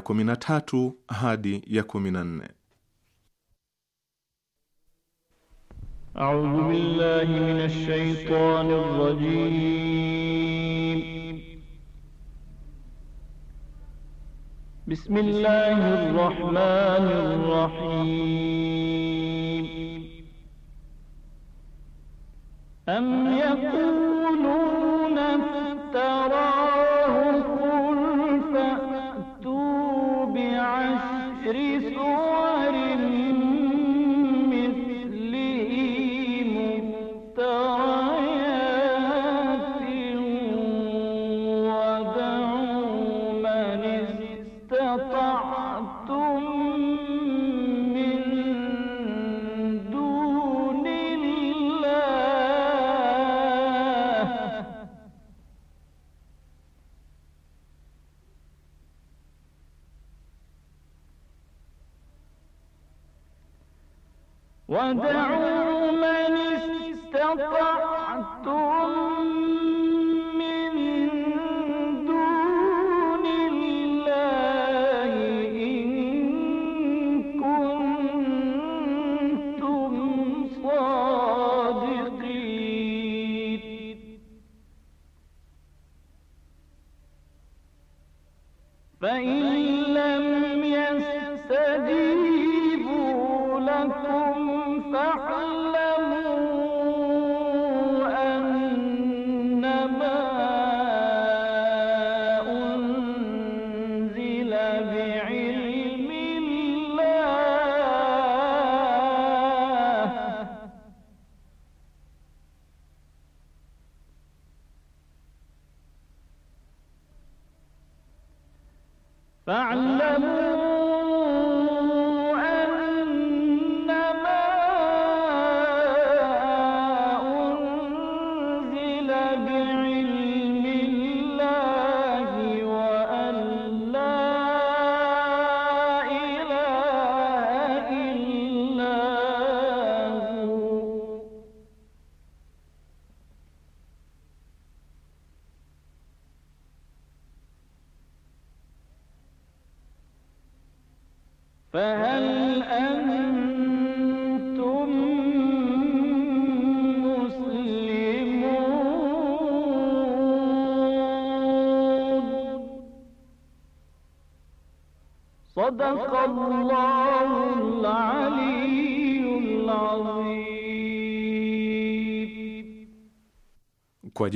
ya 13 hadi ya 14. A'udhu billahi minash shaitanir rajim. Bismillahir rahmanir rahim. Am yakuluna tara فاعلموا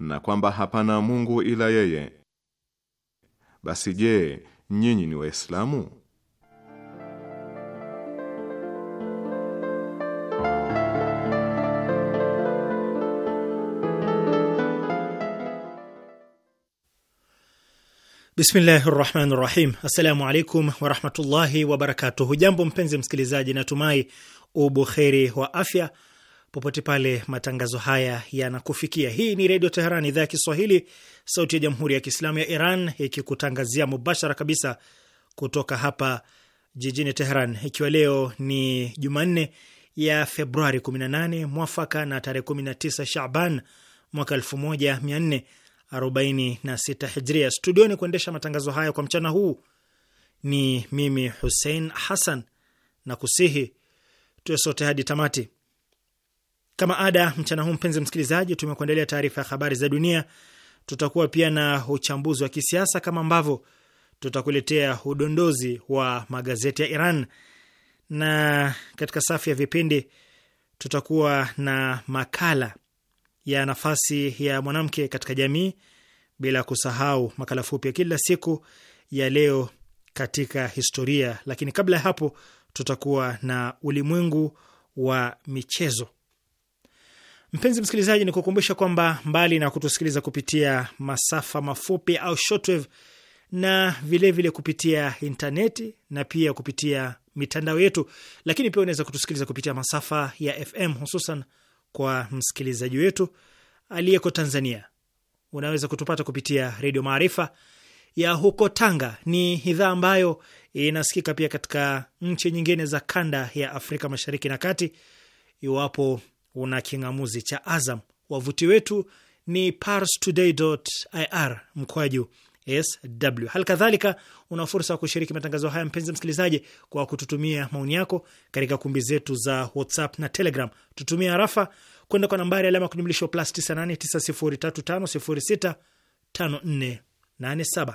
na kwamba hapana Mungu ila yeye. Basi je, nyinyi ni Waislamu? Bismillahi rahmani rahim. Assalamu alaikum warahmatullahi wabarakatuhu. Jambo mpenzi msikilizaji, natumai ubukheri wa afya popote pale matangazo haya yanakufikia. Hii ni Redio Teheran, idhaa ya Kiswahili, sauti ya Jamhuri ya Kiislamu ya Iran, ikikutangazia mubashara kabisa kutoka hapa jijini Teheran, ikiwa leo ni Jumanne ya Februari 18 mwafaka na tarehe 19 Shaban mwaka 1446 Hijria. Studioni kuendesha matangazo haya kwa mchana huu ni mimi Hussein Hassan, na kusihi tuwe sote hadi tamati kama ada, mchana huu mpenzi msikilizaji, tumekuandalia taarifa ya habari za dunia. Tutakuwa pia na uchambuzi wa kisiasa kama ambavyo tutakuletea udondozi wa magazeti ya Iran, na katika safu ya vipindi tutakuwa na makala ya nafasi ya mwanamke katika jamii, bila kusahau makala fupi ya kila siku ya leo katika historia. Lakini kabla ya hapo, tutakuwa na ulimwengu wa michezo. Mpenzi msikilizaji, ni kukumbusha kwamba mbali na kutusikiliza kupitia masafa mafupi au shortwave na vilevile vile kupitia intaneti na pia kupitia mitandao yetu, lakini pia unaweza kutusikiliza kupitia masafa ya FM, hususan kwa msikilizaji wetu aliyeko Tanzania. Unaweza kutupata kupitia Redio Maarifa ya huko Tanga. Ni idhaa ambayo inasikika pia katika nchi nyingine za kanda ya Afrika Mashariki na Kati, iwapo una king'amuzi cha Azam. Wavuti wetu ni parstoday.ir mkwaju sw. Hali kadhalika una fursa ya kushiriki matangazo haya, mpenzi msikilizaji, kwa kututumia maoni yako katika kumbi zetu za WhatsApp na Telegram. Tutumia harafa kwenda kwa nambari alama kujumlisha plus 989035065487.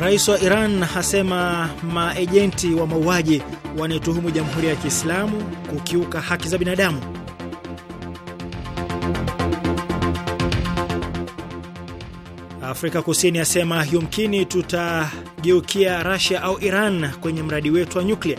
Rais wa Iran asema maejenti wa mauaji wanaituhumu Jamhuri ya Kiislamu kukiuka haki za binadamu. Afrika Kusini asema yumkini tutageukia Russia au Iran kwenye mradi wetu wa nyuklia.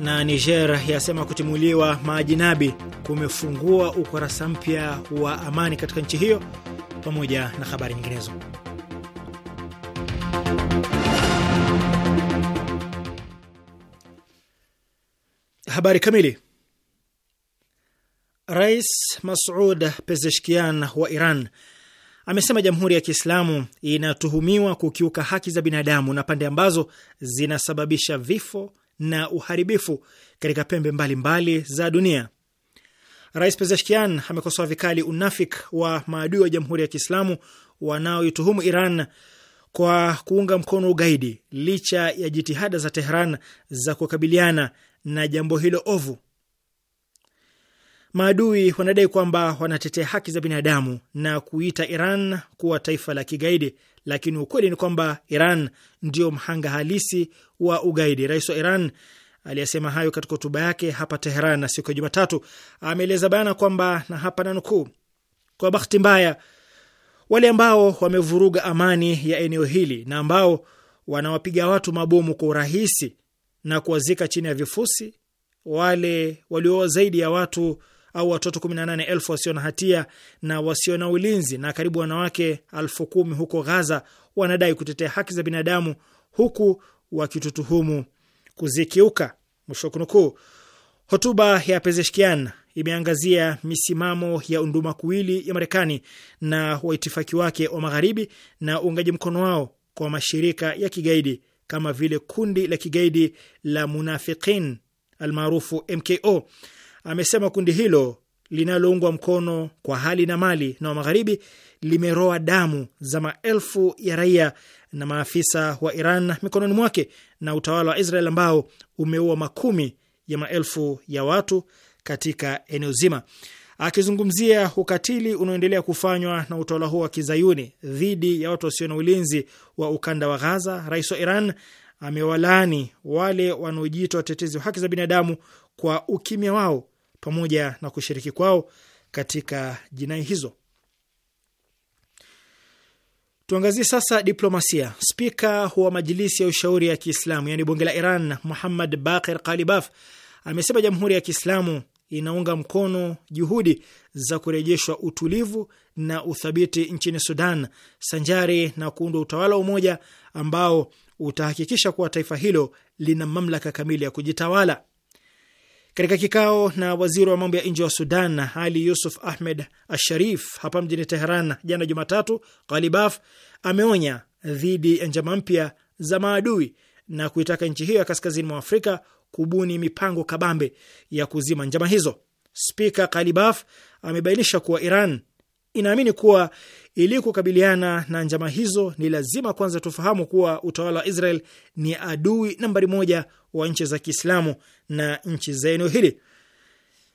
Na Niger yasema kutimuliwa maajinabi kumefungua ukurasa mpya wa amani katika nchi hiyo, pamoja na habari nyinginezo. Habari kamili. Rais Masud Pezeshkian wa Iran amesema Jamhuri ya Kiislamu inatuhumiwa kukiuka haki za binadamu na pande ambazo zinasababisha vifo na uharibifu katika pembe mbalimbali mbali za dunia. Rais Pezeshkian amekosoa vikali unafik wa maadui wa Jamhuri ya Kiislamu wanaoituhumu Iran kwa kuunga mkono ugaidi licha ya jitihada za Tehran za kukabiliana na jambo hilo ovu. Maadui wanadai kwamba wanatetea haki za binadamu na kuita Iran kuwa taifa la kigaidi, lakini ukweli ni kwamba Iran ndio mhanga halisi wa ugaidi. Rais wa Iran aliyesema hayo katika hotuba yake hapa Teheran na siku ya Jumatatu. Ameeleza bayana kwamba na hapa nanukuu, kwa bahati mbaya wale ambao wamevuruga amani ya eneo hili na ambao wanawapiga watu mabomu kwa urahisi na kuwazika chini ya vifusi, wale walioa zaidi ya watu au watoto 18,000 wasio na hatia na wasio na ulinzi na karibu wanawake elfu kumi huko Gaza wanadai kutetea haki za binadamu huku wakitutuhumu kuzikiuka, mwisho kunukuu. Hotuba ya Pezeshkian imeangazia misimamo ya undumakuwili ya Marekani na waitifaki wake wa Magharibi na uungaji mkono wao kwa mashirika ya kigaidi kama vile kundi la kigaidi la Munafiqin almaarufu MKO. Amesema kundi hilo linaloungwa mkono kwa hali na mali na wa Magharibi limeroa damu za maelfu ya raia na maafisa wa Iran mikononi mwake na utawala wa Israel ambao umeua makumi ya maelfu ya watu katika eneo zima. Akizungumzia ukatili unaoendelea kufanywa na utawala huo wa kizayuni dhidi ya watu wasio na ulinzi wa ukanda wa Ghaza, rais wa Iran amewalaani wale wanaojiita watetezi wa haki za binadamu kwa ukimya wao pamoja na kushiriki kwao katika jinai hizo. Tuangazie sasa diplomasia. Spika wa Majilisi ya Ushauri ya Kiislamu, yaani bunge la Iran, Muhammad Bakir Kalibaf amesema Jamhuri ya Kiislamu inaunga mkono juhudi za kurejeshwa utulivu na uthabiti nchini Sudan, sanjari na kuundwa utawala wa umoja ambao utahakikisha kuwa taifa hilo lina mamlaka kamili ya kujitawala. Katika kikao na waziri wa mambo ya nje wa Sudan Ali Yusuf Ahmed Asharif hapa mjini Teheran jana Jumatatu, Ghalibaf ameonya dhidi ya njama mpya za maadui na kuitaka nchi hiyo ya kaskazini mwa Afrika kubuni mipango kabambe ya kuzima njama hizo. Spika Ghalibaf amebainisha kuwa Iran inaamini kuwa ili kukabiliana na njama hizo ni lazima kwanza tufahamu kuwa utawala wa Israel ni adui nambari moja wa nchi za Kiislamu na nchi za eneo hili.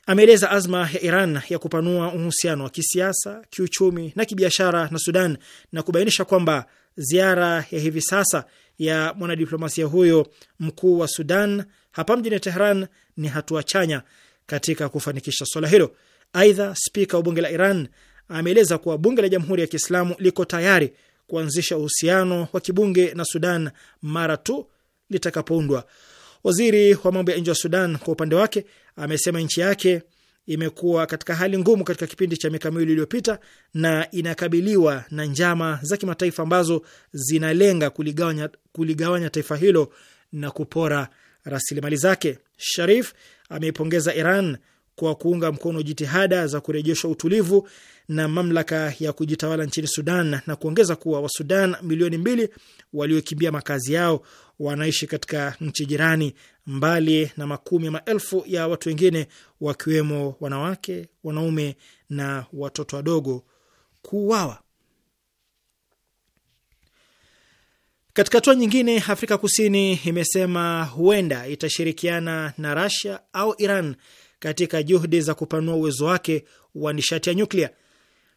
Ameeleza azma ya Iran ya kupanua uhusiano wa kisiasa, kiuchumi na kibiashara na Sudan na kubainisha kwamba ziara ya hivi sasa ya mwanadiplomasia huyo mkuu wa Sudan hapa mjini Tehran ni hatua chanya katika kufanikisha swala hilo. Aidha, spika wa bunge la Iran ameeleza kuwa bunge la Jamhuri ya Kiislamu liko tayari kuanzisha uhusiano wa kibunge na Sudan mara tu litakapoundwa. Waziri wa mambo ya nje wa Sudan kwa upande wake amesema nchi yake imekuwa katika hali ngumu katika kipindi cha miaka miwili iliyopita na inakabiliwa na njama za kimataifa ambazo zinalenga kuligawanya, kuligawanya taifa hilo na kupora rasilimali zake. Sharif ameipongeza Iran kwa kuunga mkono jitihada za kurejesha utulivu na mamlaka ya kujitawala nchini Sudan na kuongeza kuwa Wasudan milioni mbili waliokimbia makazi yao wanaishi katika nchi jirani, mbali na makumi ya maelfu ya watu wengine wakiwemo wanawake, wanaume na watoto wadogo kuuawa. Katika hatua nyingine, Afrika Kusini imesema huenda itashirikiana na rasia au Iran katika juhudi za kupanua uwezo wake wa nishati ya nyuklia.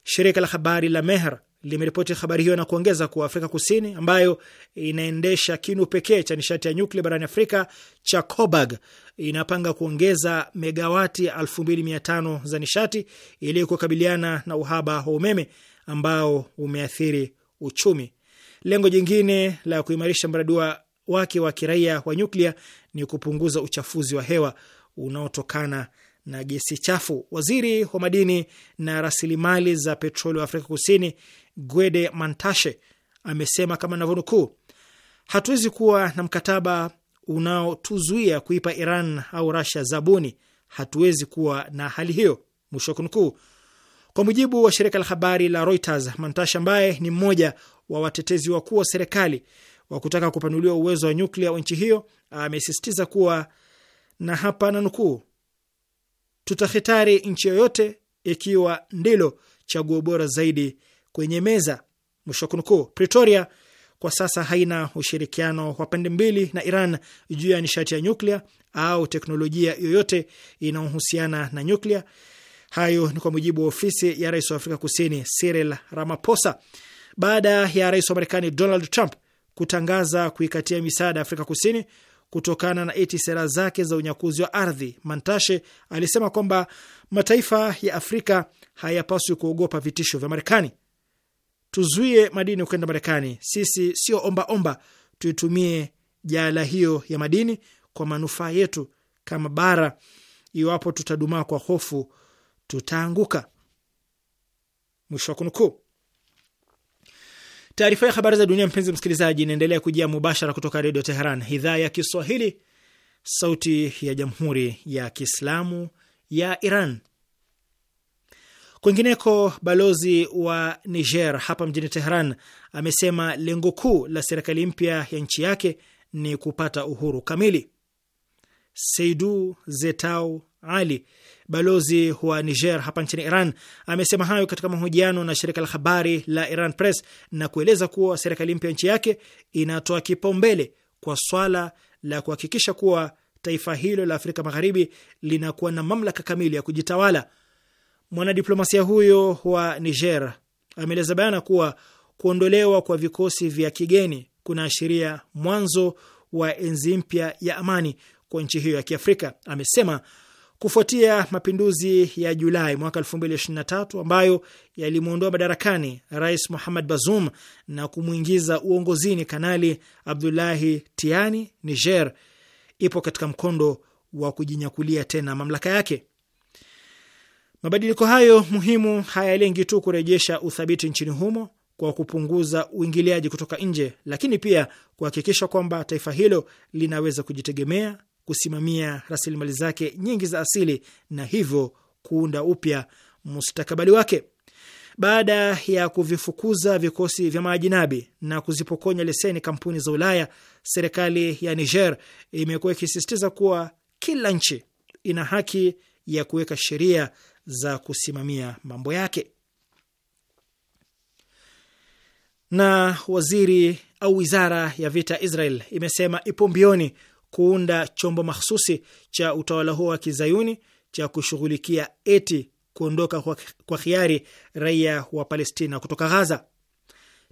Shirika la habari la Mehr limeripoti habari hiyo na kuongeza kuwa Afrika Kusini, ambayo inaendesha kinu pekee cha nishati ya nyuklia barani Afrika cha Cobag, inapanga kuongeza megawati 2500 za nishati ili kukabiliana na uhaba wa umeme ambao umeathiri uchumi. Lengo jingine la kuimarisha mradi wake wa kiraia wa nyuklia ni kupunguza uchafuzi wa hewa unaotokana na gesi chafu. Waziri wa madini na rasilimali za petroli wa Afrika Kusini Gwede Mantashe amesema kama navyonukuu, hatuwezi kuwa na mkataba unaotuzuia kuipa Iran au rasia zabuni. Hatuwezi kuwa na hali hiyo, mwisho wa kunukuu. Kwa mujibu wa shirika la habari la Reuters, Mantashe ambaye ni mmoja wa watetezi wakuu wa serikali wa kutaka kupanuliwa uwezo wa nyuklia wa nchi hiyo amesisitiza kuwa na hapa na nukuu, tutahitari nchi yoyote ikiwa ndilo chaguo bora zaidi kwenye meza, mwisho kunukuu. Pretoria kwa sasa haina ushirikiano wa pande mbili na Iran juu ya nishati ya nyuklia au teknolojia yoyote inayohusiana na nyuklia. Hayo ni kwa mujibu wa ofisi ya rais wa Afrika Kusini Cyril Ramaphosa baada ya rais wa Marekani Donald Trump kutangaza kuikatia misaada ya Afrika Kusini kutokana na eti sera zake za unyakuzi wa ardhi. Mantashe alisema kwamba mataifa ya Afrika hayapaswi kuogopa vitisho vya Marekani. Tuzuie madini kwenda Marekani, sisi sio omba omba Tuitumie jala hiyo ya madini kwa manufaa yetu kama bara. Iwapo tutadumaa kwa hofu, tutaanguka. Mwisho wa kunukuu. Taarifa ya habari za dunia, mpenzi msikilizaji, inaendelea kujia mubashara kutoka Redio Teheran, idhaa ya Kiswahili, sauti ya jamhuri ya kiislamu ya Iran. Kwingineko, balozi wa Niger hapa mjini Teheran amesema lengo kuu la serikali mpya ya nchi yake ni kupata uhuru kamili. Seidu Zetau Ali Balozi wa Niger hapa nchini Iran amesema hayo katika mahojiano na shirika la habari la Iran Press na kueleza kuwa serikali mpya nchi yake inatoa kipaumbele kwa swala la kuhakikisha kuwa taifa hilo la Afrika Magharibi linakuwa na mamlaka kamili ya kujitawala. Mwanadiplomasia huyo wa Niger ameeleza bayana kuwa kuondolewa kwa vikosi vya kigeni kunaashiria mwanzo wa enzi mpya ya amani kwa nchi hiyo ya Kiafrika. Amesema kufuatia mapinduzi ya Julai mwaka 2023 ambayo yalimwondoa madarakani Rais Mohamed Bazoum na kumwingiza uongozini Kanali Abdullahi Tiani, Niger ipo katika mkondo wa kujinyakulia tena mamlaka yake. Mabadiliko hayo muhimu hayalengi tu kurejesha uthabiti nchini humo kwa kupunguza uingiliaji kutoka nje, lakini pia kuhakikisha kwamba taifa hilo linaweza kujitegemea kusimamia rasilimali zake nyingi za asili na hivyo kuunda upya mustakabali wake. Baada ya kuvifukuza vikosi vya maajinabi na kuzipokonya leseni kampuni za Ulaya, serikali ya Niger imekuwa ikisisitiza kuwa kila nchi ina haki ya kuweka sheria za kusimamia mambo yake. Na waziri au wizara ya vita Israel imesema ipo mbioni kuunda chombo mahsusi cha utawala huo wa kizayuni cha kushughulikia eti kuondoka kwa, kwa khiari raia wa Palestina kutoka Ghaza.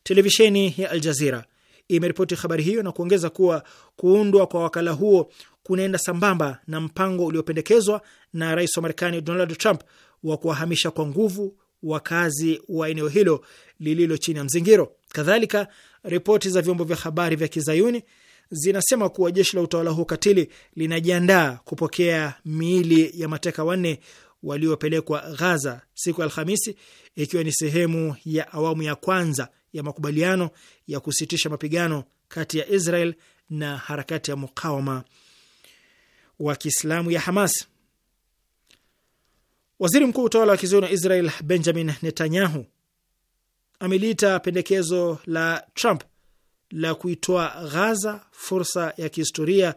Televisheni ya Al Jazira imeripoti habari hiyo na kuongeza kuwa kuundwa kwa wakala huo kunaenda sambamba na mpango uliopendekezwa na rais wa Marekani Donald Trump wa kuwahamisha kwa nguvu wakazi wa eneo hilo lililo chini ya mzingiro. Kadhalika, ripoti za vyombo vya habari vya kizayuni zinasema kuwa jeshi la utawala huo katili linajiandaa kupokea miili ya mateka wanne waliopelekwa Ghaza siku ya Alhamisi, ikiwa ni sehemu ya awamu ya kwanza ya makubaliano ya kusitisha mapigano kati ya Israel na harakati ya mukawama wa Kiislamu ya Hamas. Waziri mkuu utawala wa kizayuni wa Israel Benjamin Netanyahu ameliita pendekezo la Trump la kuitoa Ghaza fursa ya kihistoria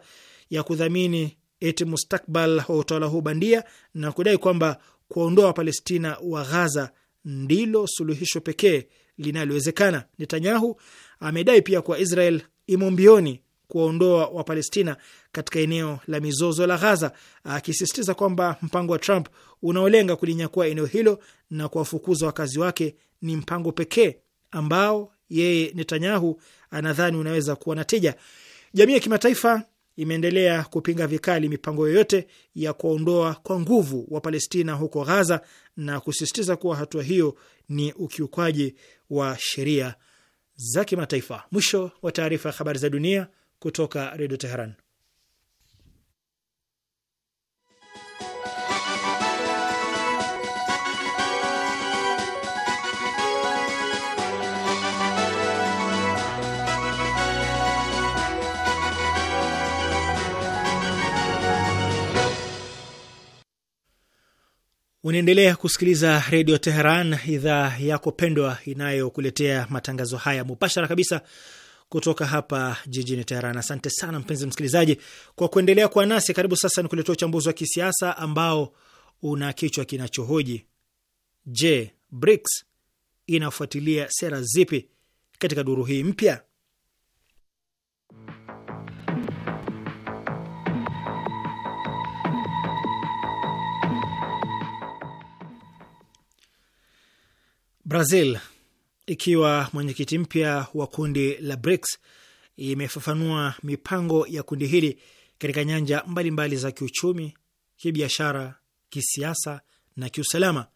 ya kudhamini eti mustakbal wa utawala huu bandia na kudai kwamba kuwaondoa Wapalestina wa Ghaza ndilo suluhisho pekee linalowezekana. Netanyahu amedai pia kuwa Israel imo mbioni kuwaondoa Wapalestina katika eneo la mizozo la Ghaza, akisisitiza kwamba mpango wa Trump unaolenga kulinyakua eneo hilo na kuwafukuza wakazi wake ni mpango pekee ambao yeye Netanyahu anadhani unaweza kuwa na tija. Jamii ya kimataifa imeendelea kupinga vikali mipango yoyote ya kuwaondoa kwa nguvu wa Palestina huko Ghaza na kusisitiza kuwa hatua hiyo ni ukiukwaji wa sheria za kimataifa. Mwisho wa taarifa ya habari za dunia kutoka Redio Teheran. Unaendelea kusikiliza Redio Teheran, idhaa yako pendwa inayokuletea matangazo haya mubashara kabisa kutoka hapa jijini Teheran. Asante sana mpenzi msikilizaji kwa kuendelea kuwa nasi. Karibu sasa ni kuletea uchambuzi wa kisiasa ambao una kichwa kinachohoji: Je, BRICS inafuatilia sera zipi katika duru hii mpya? Brazil ikiwa mwenyekiti mpya wa kundi la BRICS imefafanua mipango ya kundi hili katika nyanja mbalimbali mbali za kiuchumi, kibiashara, kisiasa na kiusalama.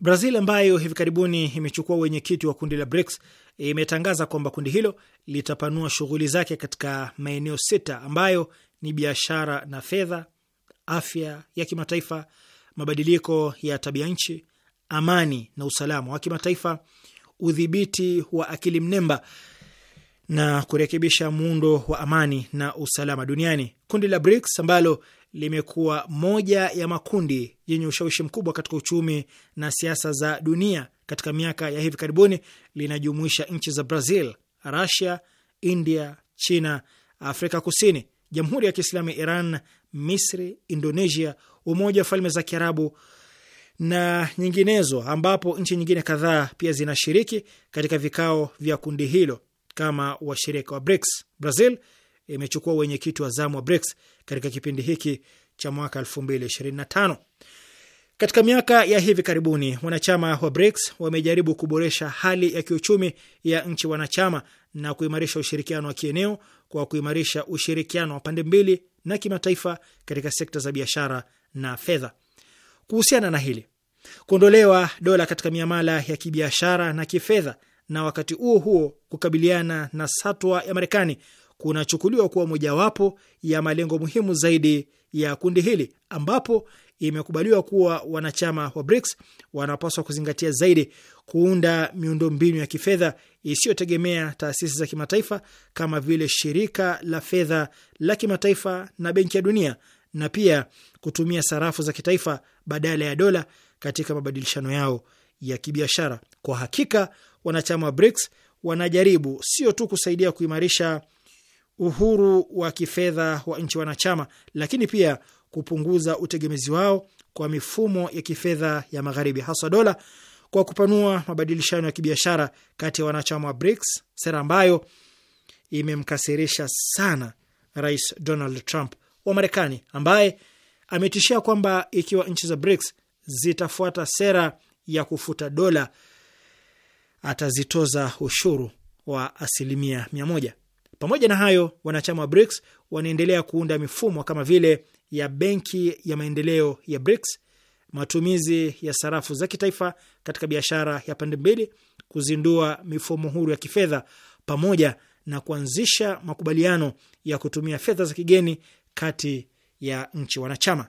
Brazil ambayo hivi karibuni imechukua wenyekiti wa kundi la BRICS imetangaza kwamba kundi hilo litapanua shughuli zake katika maeneo sita ambayo ni biashara na fedha, afya ya kimataifa, mabadiliko ya tabia nchi amani na usalama wa kimataifa, udhibiti wa akili mnemba na kurekebisha muundo wa amani na usalama duniani. Kundi la BRICS ambalo limekuwa moja ya makundi yenye ushawishi mkubwa katika uchumi na siasa za dunia katika miaka ya hivi karibuni linajumuisha nchi za Brazil, Russia, India, China, Afrika Kusini, Jamhuri ya Kiislamu ya Iran, Misri, Indonesia, Umoja wa Falme za Kiarabu, na nyinginezo, ambapo nchi nyingine kadhaa pia zinashiriki katika vikao vya kundi hilo kama washirika wa BRICS. Brazil imechukua wenyekiti wa zamu wa BRICS katika kipindi hiki cha mwaka 2025. Katika miaka ya hivi karibuni, wanachama wa BRICS wamejaribu kuboresha hali ya kiuchumi ya nchi wanachama na kuimarisha ushirikiano wa kieneo kwa kuimarisha ushirikiano wa pande mbili na kimataifa katika sekta za biashara na fedha. Kuhusiana na hili, kuondolewa dola katika miamala ya kibiashara na kifedha na wakati huo huo kukabiliana na satwa ya Marekani kunachukuliwa kuwa mojawapo ya malengo muhimu zaidi ya kundi hili, ambapo imekubaliwa kuwa wanachama wa BRICS wanapaswa kuzingatia zaidi kuunda miundombinu ya kifedha isiyotegemea taasisi za kimataifa kama vile shirika la fedha la kimataifa na Benki ya Dunia, na pia kutumia sarafu za kitaifa badala ya dola katika mabadilishano yao ya kibiashara. Kwa hakika wanachama wa BRICS wanajaribu sio tu kusaidia kuimarisha uhuru wa kifedha wa nchi wanachama, lakini pia kupunguza utegemezi wao kwa mifumo ya kifedha ya magharibi, haswa dola, kwa kupanua mabadilishano ya kibiashara kati ya wanachama wa BRICS, sera ambayo imemkasirisha sana Rais Donald Trump wa Marekani ambaye Ametishia kwamba ikiwa nchi za BRICS zitafuata sera ya kufuta dola atazitoza ushuru wa asilimia mia moja. Pamoja na hayo, wanachama wa BRICS wanaendelea kuunda mifumo kama vile ya benki ya maendeleo ya BRICS, matumizi ya sarafu za kitaifa katika biashara ya pande mbili, kuzindua mifumo huru ya kifedha, pamoja na kuanzisha makubaliano ya kutumia fedha za kigeni kati ya nchi wanachama.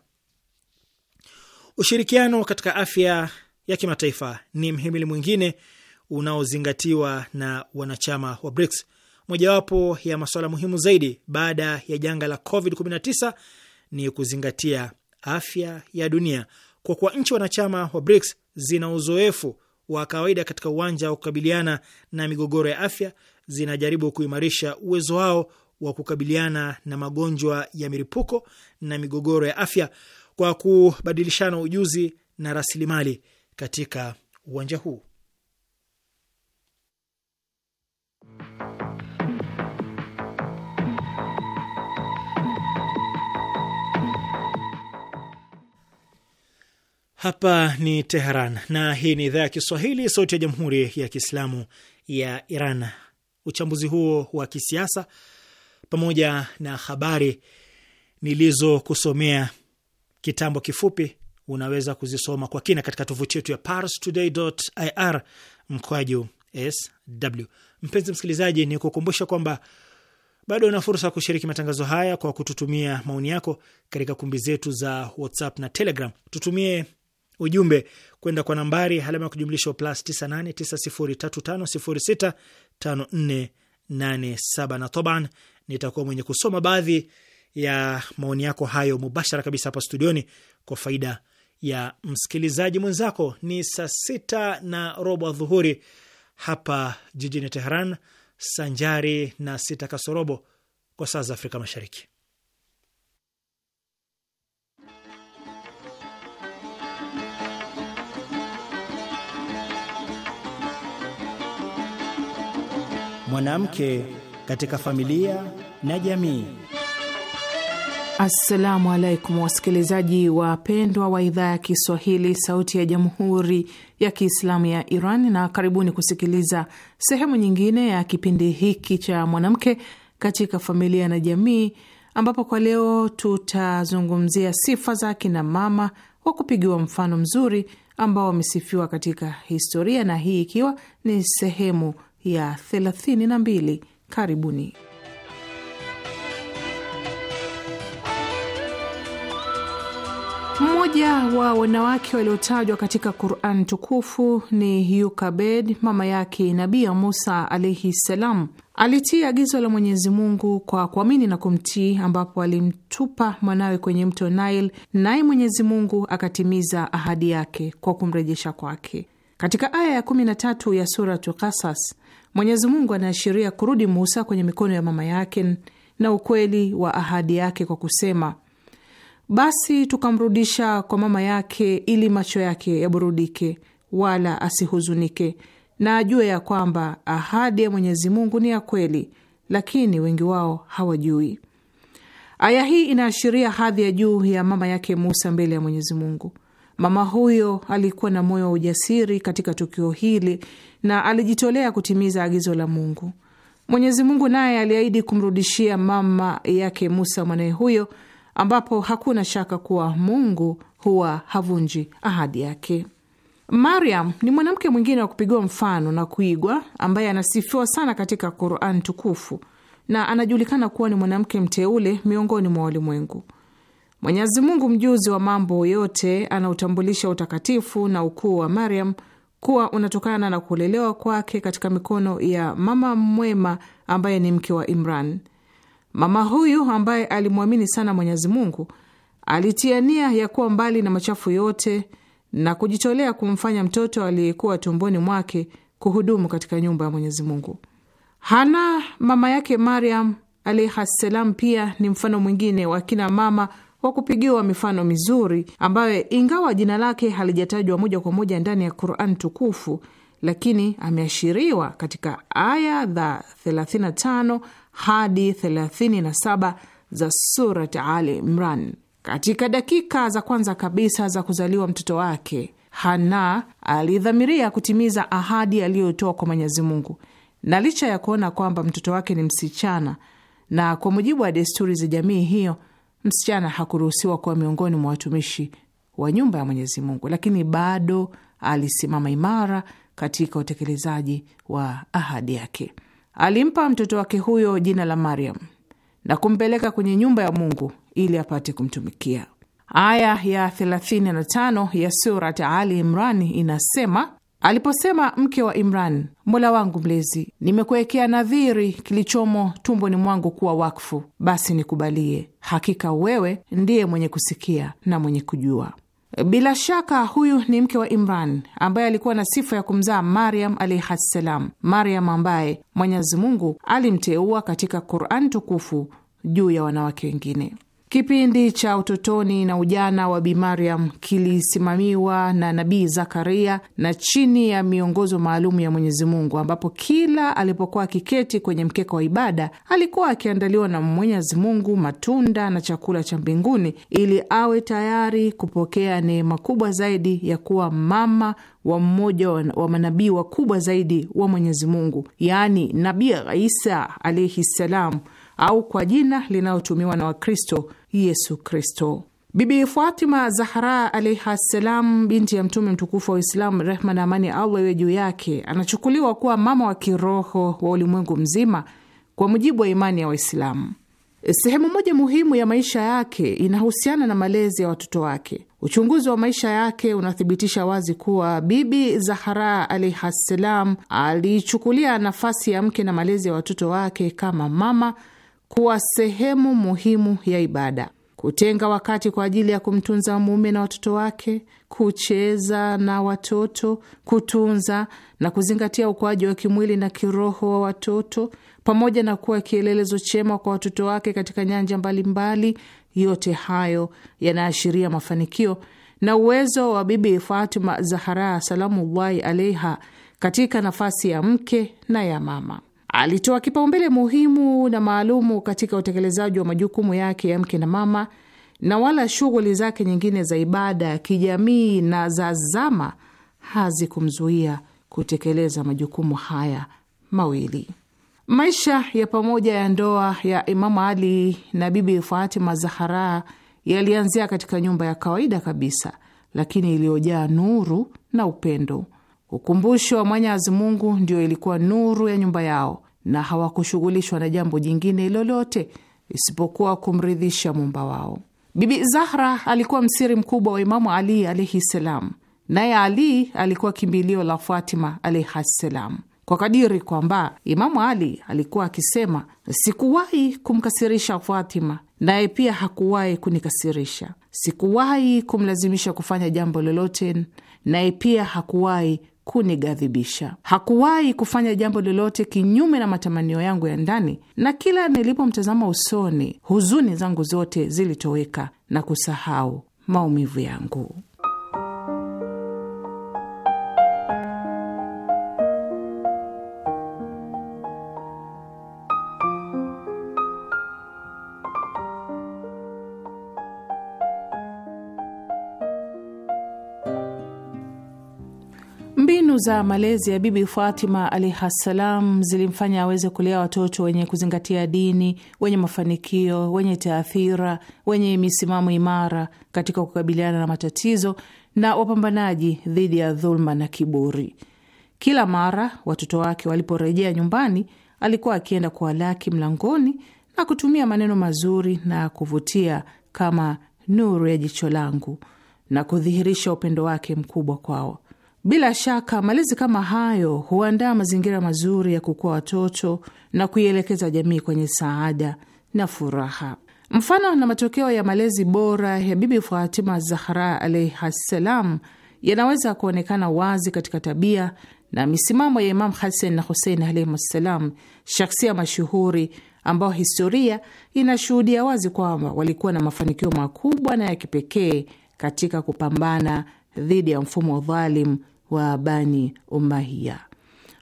Ushirikiano katika afya ya kimataifa ni mhimili mwingine unaozingatiwa na wanachama wa BRICS. Mojawapo ya masuala muhimu zaidi baada ya janga la COVID-19 ni kuzingatia afya ya dunia, kwa kuwa nchi wanachama wa BRICS zina uzoefu wa kawaida katika uwanja wa kukabiliana na migogoro ya afya, zinajaribu kuimarisha uwezo wao wa kukabiliana na magonjwa ya milipuko na migogoro ya afya kwa kubadilishana ujuzi na rasilimali katika uwanja huu. Hapa ni Teheran na hii ni idhaa ya Kiswahili, sauti ya jamhuri ya kiislamu ya Iran. Uchambuzi huo wa kisiasa pamoja na habari nilizokusomea kitambo kifupi, unaweza kuzisoma kwa kina katika tovuti yetu ya parstoday.ir mkwaju sw. Mpenzi msikilizaji, ni kukumbusha kwamba bado una fursa ya kushiriki matangazo haya kwa kututumia maoni yako katika kumbi zetu za WhatsApp na Telegram. Tutumie ujumbe kwenda kwa nambari alama ya kujumlisha plus 989035065487 na toban nitakuwa mwenye kusoma baadhi ya maoni yako hayo mubashara kabisa hapa studioni kwa faida ya msikilizaji mwenzako. Ni saa sita na robo adhuhuri hapa jijini Teheran, sanjari na sita kasorobo kwa saa za Afrika Mashariki. Mwanamke katika familia na jamii. Assalamu alaikum wasikilizaji wapendwa wa idhaa ya Kiswahili sauti ya jamhuri ya Kiislamu ya Iran, na karibuni kusikiliza sehemu nyingine ya kipindi hiki cha mwanamke katika familia na jamii, ambapo kwa leo tutazungumzia sifa za kina mama wa kupigiwa mfano mzuri ambao wamesifiwa katika historia, na hii ikiwa ni sehemu ya thelathini na mbili Karibuni. Mmoja wa wanawake waliotajwa katika Quran tukufu ni Yukabed, mama yake Nabii ya Musa alaihi ssalam. Alitii agizo la Mwenyezi Mungu kwa kuamini na kumtii, ambapo alimtupa mwanawe kwenye mto Nile, naye Mwenyezi Mungu akatimiza ahadi yake kwa kumrejesha kwake. Katika aya ya 13 ya Suratu Kasas, Mwenyezi Mungu anaashiria kurudi Musa kwenye mikono ya mama yake na ukweli wa ahadi yake kwa kusema, basi tukamrudisha kwa mama yake ili macho yake yaburudike wala asihuzunike, na ajue ya kwamba ahadi ya Mwenyezi Mungu ni ya kweli, lakini wengi wao hawajui. Aya hii inaashiria hadhi ya juu ya mama yake Musa mbele ya Mwenyezi Mungu. Mama huyo alikuwa na moyo wa ujasiri katika tukio hili na alijitolea kutimiza agizo la Mungu. Mwenyezi Mungu naye aliahidi kumrudishia mama yake Musa mwanaye huyo, ambapo hakuna shaka kuwa Mungu huwa havunji ahadi yake. Mariam ni mwanamke mwingine wa kupigiwa mfano na kuigwa ambaye anasifiwa sana katika Quran tukufu na anajulikana kuwa ni mwanamke mteule miongoni mwa walimwengu. Mwenyezi Mungu mjuzi wa mambo yote anautambulisha utakatifu na ukuu wa Mariam kuwa unatokana na kulelewa kwake katika mikono ya mama mwema ambaye ni mke wa Imran. Mama huyu ambaye alimwamini sana Mwenyezi Mungu alitia nia ya kuwa mbali na machafu yote na kujitolea kumfanya mtoto aliyekuwa tumboni mwake kuhudumu katika nyumba ya Mwenyezi Mungu. Hana mama yake Mariam alaihi salam pia ni mfano mwingine wa kina mama wa kupigiwa mifano mizuri ambayo ingawa jina lake halijatajwa moja kwa moja ndani ya Quran tukufu lakini ameashiriwa katika aya za 35 hadi 37 za Surat Ali Imran. Katika dakika za kwanza kabisa za kuzaliwa mtoto wake, Hana alidhamiria kutimiza ahadi aliyotoa kwa Mwenyezi Mungu, na licha ya kuona kwamba mtoto wake ni msichana, na kwa mujibu wa desturi za jamii hiyo msichana hakuruhusiwa kuwa miongoni mwa watumishi wa nyumba ya Mwenyezi Mungu, lakini bado alisimama imara katika utekelezaji wa ahadi yake. Alimpa mtoto wake huyo jina la Mariam na kumpeleka kwenye nyumba ya Mungu ili apate kumtumikia. Aya ya 35 ya Surat Ali Imrani inasema Aliposema mke wa Imran, Mola wangu mlezi, nimekuwekea nadhiri kilichomo tumboni mwangu kuwa wakfu, basi nikubalie, hakika wewe ndiye mwenye kusikia na mwenye kujua. Bila shaka huyu ni mke wa Imran ambaye alikuwa na sifa ya kumzaa Maryam alaihi ssalam, Maryam ambaye Mwenyezi Mungu alimteua katika Quran tukufu juu ya wanawake wengine. Kipindi cha utotoni na ujana wa Bi Mariam kilisimamiwa na Nabii Zakaria na chini ya miongozo maalum ya Mwenyezi Mungu, ambapo kila alipokuwa akiketi kwenye mkeka wa ibada alikuwa akiandaliwa na Mwenyezi Mungu matunda na chakula cha mbinguni ili awe tayari kupokea neema kubwa zaidi ya kuwa mama wa mmoja wa manabii wakubwa zaidi wa Mwenyezi Mungu, yaani Nabii Isa alaihi ssalam au kwa jina linalotumiwa na Wakristo, Yesu Kristo. Bibi Fatima Zahra alaiha ssalam, binti ya Mtume mtukufu wa Uislamu, rehma na amani Allah iwe juu yake, anachukuliwa kuwa mama wa kiroho wa ulimwengu mzima kwa mujibu wa imani ya Waislamu. Sehemu moja muhimu ya maisha yake inahusiana na malezi ya watoto wake. Uchunguzi wa maisha yake unathibitisha wazi kuwa Bibi Zahara alaihi ssalam aliichukulia nafasi ya mke na malezi ya watoto wake kama mama kuwa sehemu muhimu ya ibada, kutenga wakati kwa ajili ya kumtunza mume na watoto wake, kucheza na watoto, kutunza na kuzingatia ukuaji wa kimwili na kiroho wa watoto, pamoja na kuwa kielelezo chema kwa watoto wake katika nyanja mbalimbali mbali. Yote hayo yanaashiria mafanikio na uwezo wa Bibi Fatima Zahara salamullahi alaiha katika nafasi ya mke na ya mama. Alitoa kipaumbele muhimu na maalumu katika utekelezaji wa majukumu yake ya mke na mama na wala shughuli zake nyingine za ibada, kijamii na za zama hazikumzuia kutekeleza majukumu haya mawili. Maisha ya pamoja ya ndoa ya Imamu Ali na Bibi Fatima Zahara yalianzia katika nyumba ya kawaida kabisa, lakini iliyojaa nuru na upendo. Ukumbusho wa Mwenyezi Mungu ndio ilikuwa nuru ya nyumba yao na hawakushughulishwa na jambo jingine lolote isipokuwa kumridhisha mumba wao. Bibi Zahra alikuwa msiri mkubwa wa Imamu Ali alaihi ssalam, naye Ali alikuwa kimbilio la Fatima alaihi ssalam, kwa kadiri kwamba Imamu Ali alikuwa akisema, sikuwahi kumkasirisha Fatima, naye pia hakuwahi kunikasirisha. Sikuwahi kumlazimisha kufanya jambo lolote, naye pia hakuwahi kunigadhibisha Hakuwahi kufanya jambo lolote kinyume na matamanio yangu ya ndani, na kila nilipomtazama usoni, huzuni zangu zote zilitoweka na kusahau maumivu yangu. Mbinu za malezi ya Bibi Fatima alaihi ssalam zilimfanya aweze kulea watoto wenye kuzingatia dini, wenye mafanikio, wenye taathira, wenye misimamo imara katika kukabiliana na matatizo na wapambanaji dhidi ya dhuluma na kiburi. Kila mara watoto wake waliporejea nyumbani, alikuwa akienda kwa laki mlangoni na kutumia maneno mazuri na kuvutia kama nuru ya jicho langu na kudhihirisha upendo wake mkubwa kwao. Bila shaka malezi kama hayo huandaa mazingira mazuri ya kukua watoto na kuielekeza jamii kwenye saada na furaha. Mfano na matokeo ya malezi bora ya Bibi Fatima Zahra alaihi ssalam yanaweza kuonekana wazi katika tabia na misimamo ya Imam Hasan na Husein alaihim ssalam, shakhsia mashuhuri ambao historia inashuhudia wazi kwamba walikuwa na mafanikio makubwa na ya kipekee katika kupambana dhidi ya mfumo dhalimu wa Bani Umayya.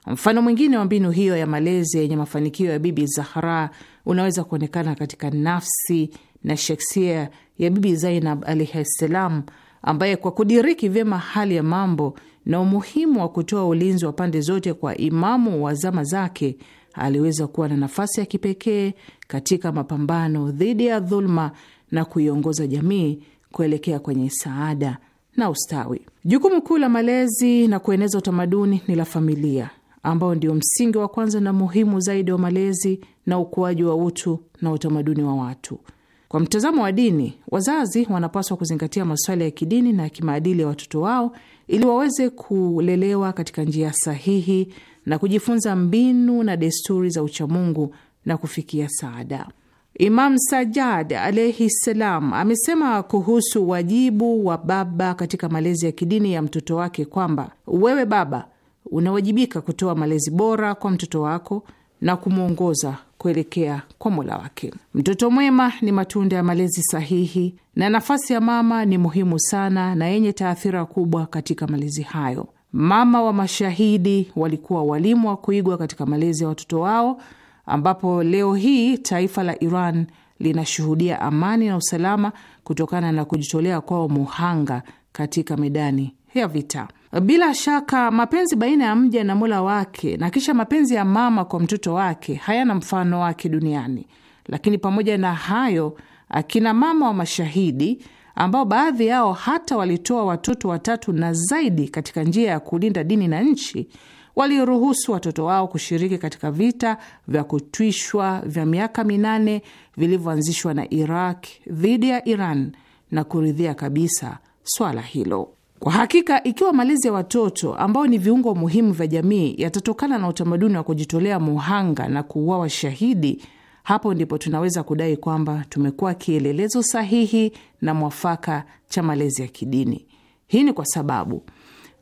Mfano mwingine wa mbinu hiyo ya malezi yenye mafanikio ya Bibi Zahra unaweza kuonekana katika nafsi na shaksia ya Bibi Zainab alaihi ssalam, ambaye kwa kudiriki vyema hali ya mambo na umuhimu wa kutoa ulinzi wa pande zote kwa imamu wa zama zake aliweza kuwa na nafasi ya kipekee katika mapambano dhidi ya dhuluma na kuiongoza jamii kuelekea kwenye saada na ustawi. Jukumu kuu la malezi na kueneza utamaduni ni la familia, ambao ndio msingi wa kwanza na muhimu zaidi wa malezi na ukuaji wa utu na utamaduni wa watu. Kwa mtazamo wa dini, wazazi wanapaswa kuzingatia masuala ya kidini na kimaadili ya watoto wao ili waweze kulelewa katika njia sahihi na kujifunza mbinu na desturi za uchamungu na kufikia saada. Imam Sajad alaihi ssalam amesema kuhusu wajibu wa baba katika malezi ya kidini ya mtoto wake kwamba wewe baba unawajibika kutoa malezi bora kwa mtoto wako na kumwongoza kuelekea kwa Mola wake. Mtoto mwema ni matunda ya malezi sahihi, na nafasi ya mama ni muhimu sana na yenye taathira kubwa katika malezi hayo. Mama wa mashahidi walikuwa walimu wa kuigwa katika malezi ya watoto wao ambapo leo hii taifa la Iran linashuhudia amani na usalama kutokana na kujitolea kwao muhanga katika medani ya vita. Bila shaka mapenzi baina ya mja na Mola wake na kisha mapenzi ya mama kwa mtoto wake hayana mfano wake duniani. Lakini pamoja na hayo, akina mama wa mashahidi ambao baadhi yao hata walitoa watoto watatu na zaidi katika njia ya kulinda dini na nchi waliruhusu watoto wao kushiriki katika vita vya kutwishwa vya miaka minane vilivyoanzishwa na Iraq dhidi ya Iran na kuridhia kabisa swala hilo. Kwa hakika, ikiwa malezi ya watoto ambao ni viungo muhimu vya jamii yatatokana na utamaduni wa kujitolea muhanga na kuuawa shahidi, hapo ndipo tunaweza kudai kwamba tumekuwa kielelezo sahihi na mwafaka cha malezi ya kidini. Hii ni kwa sababu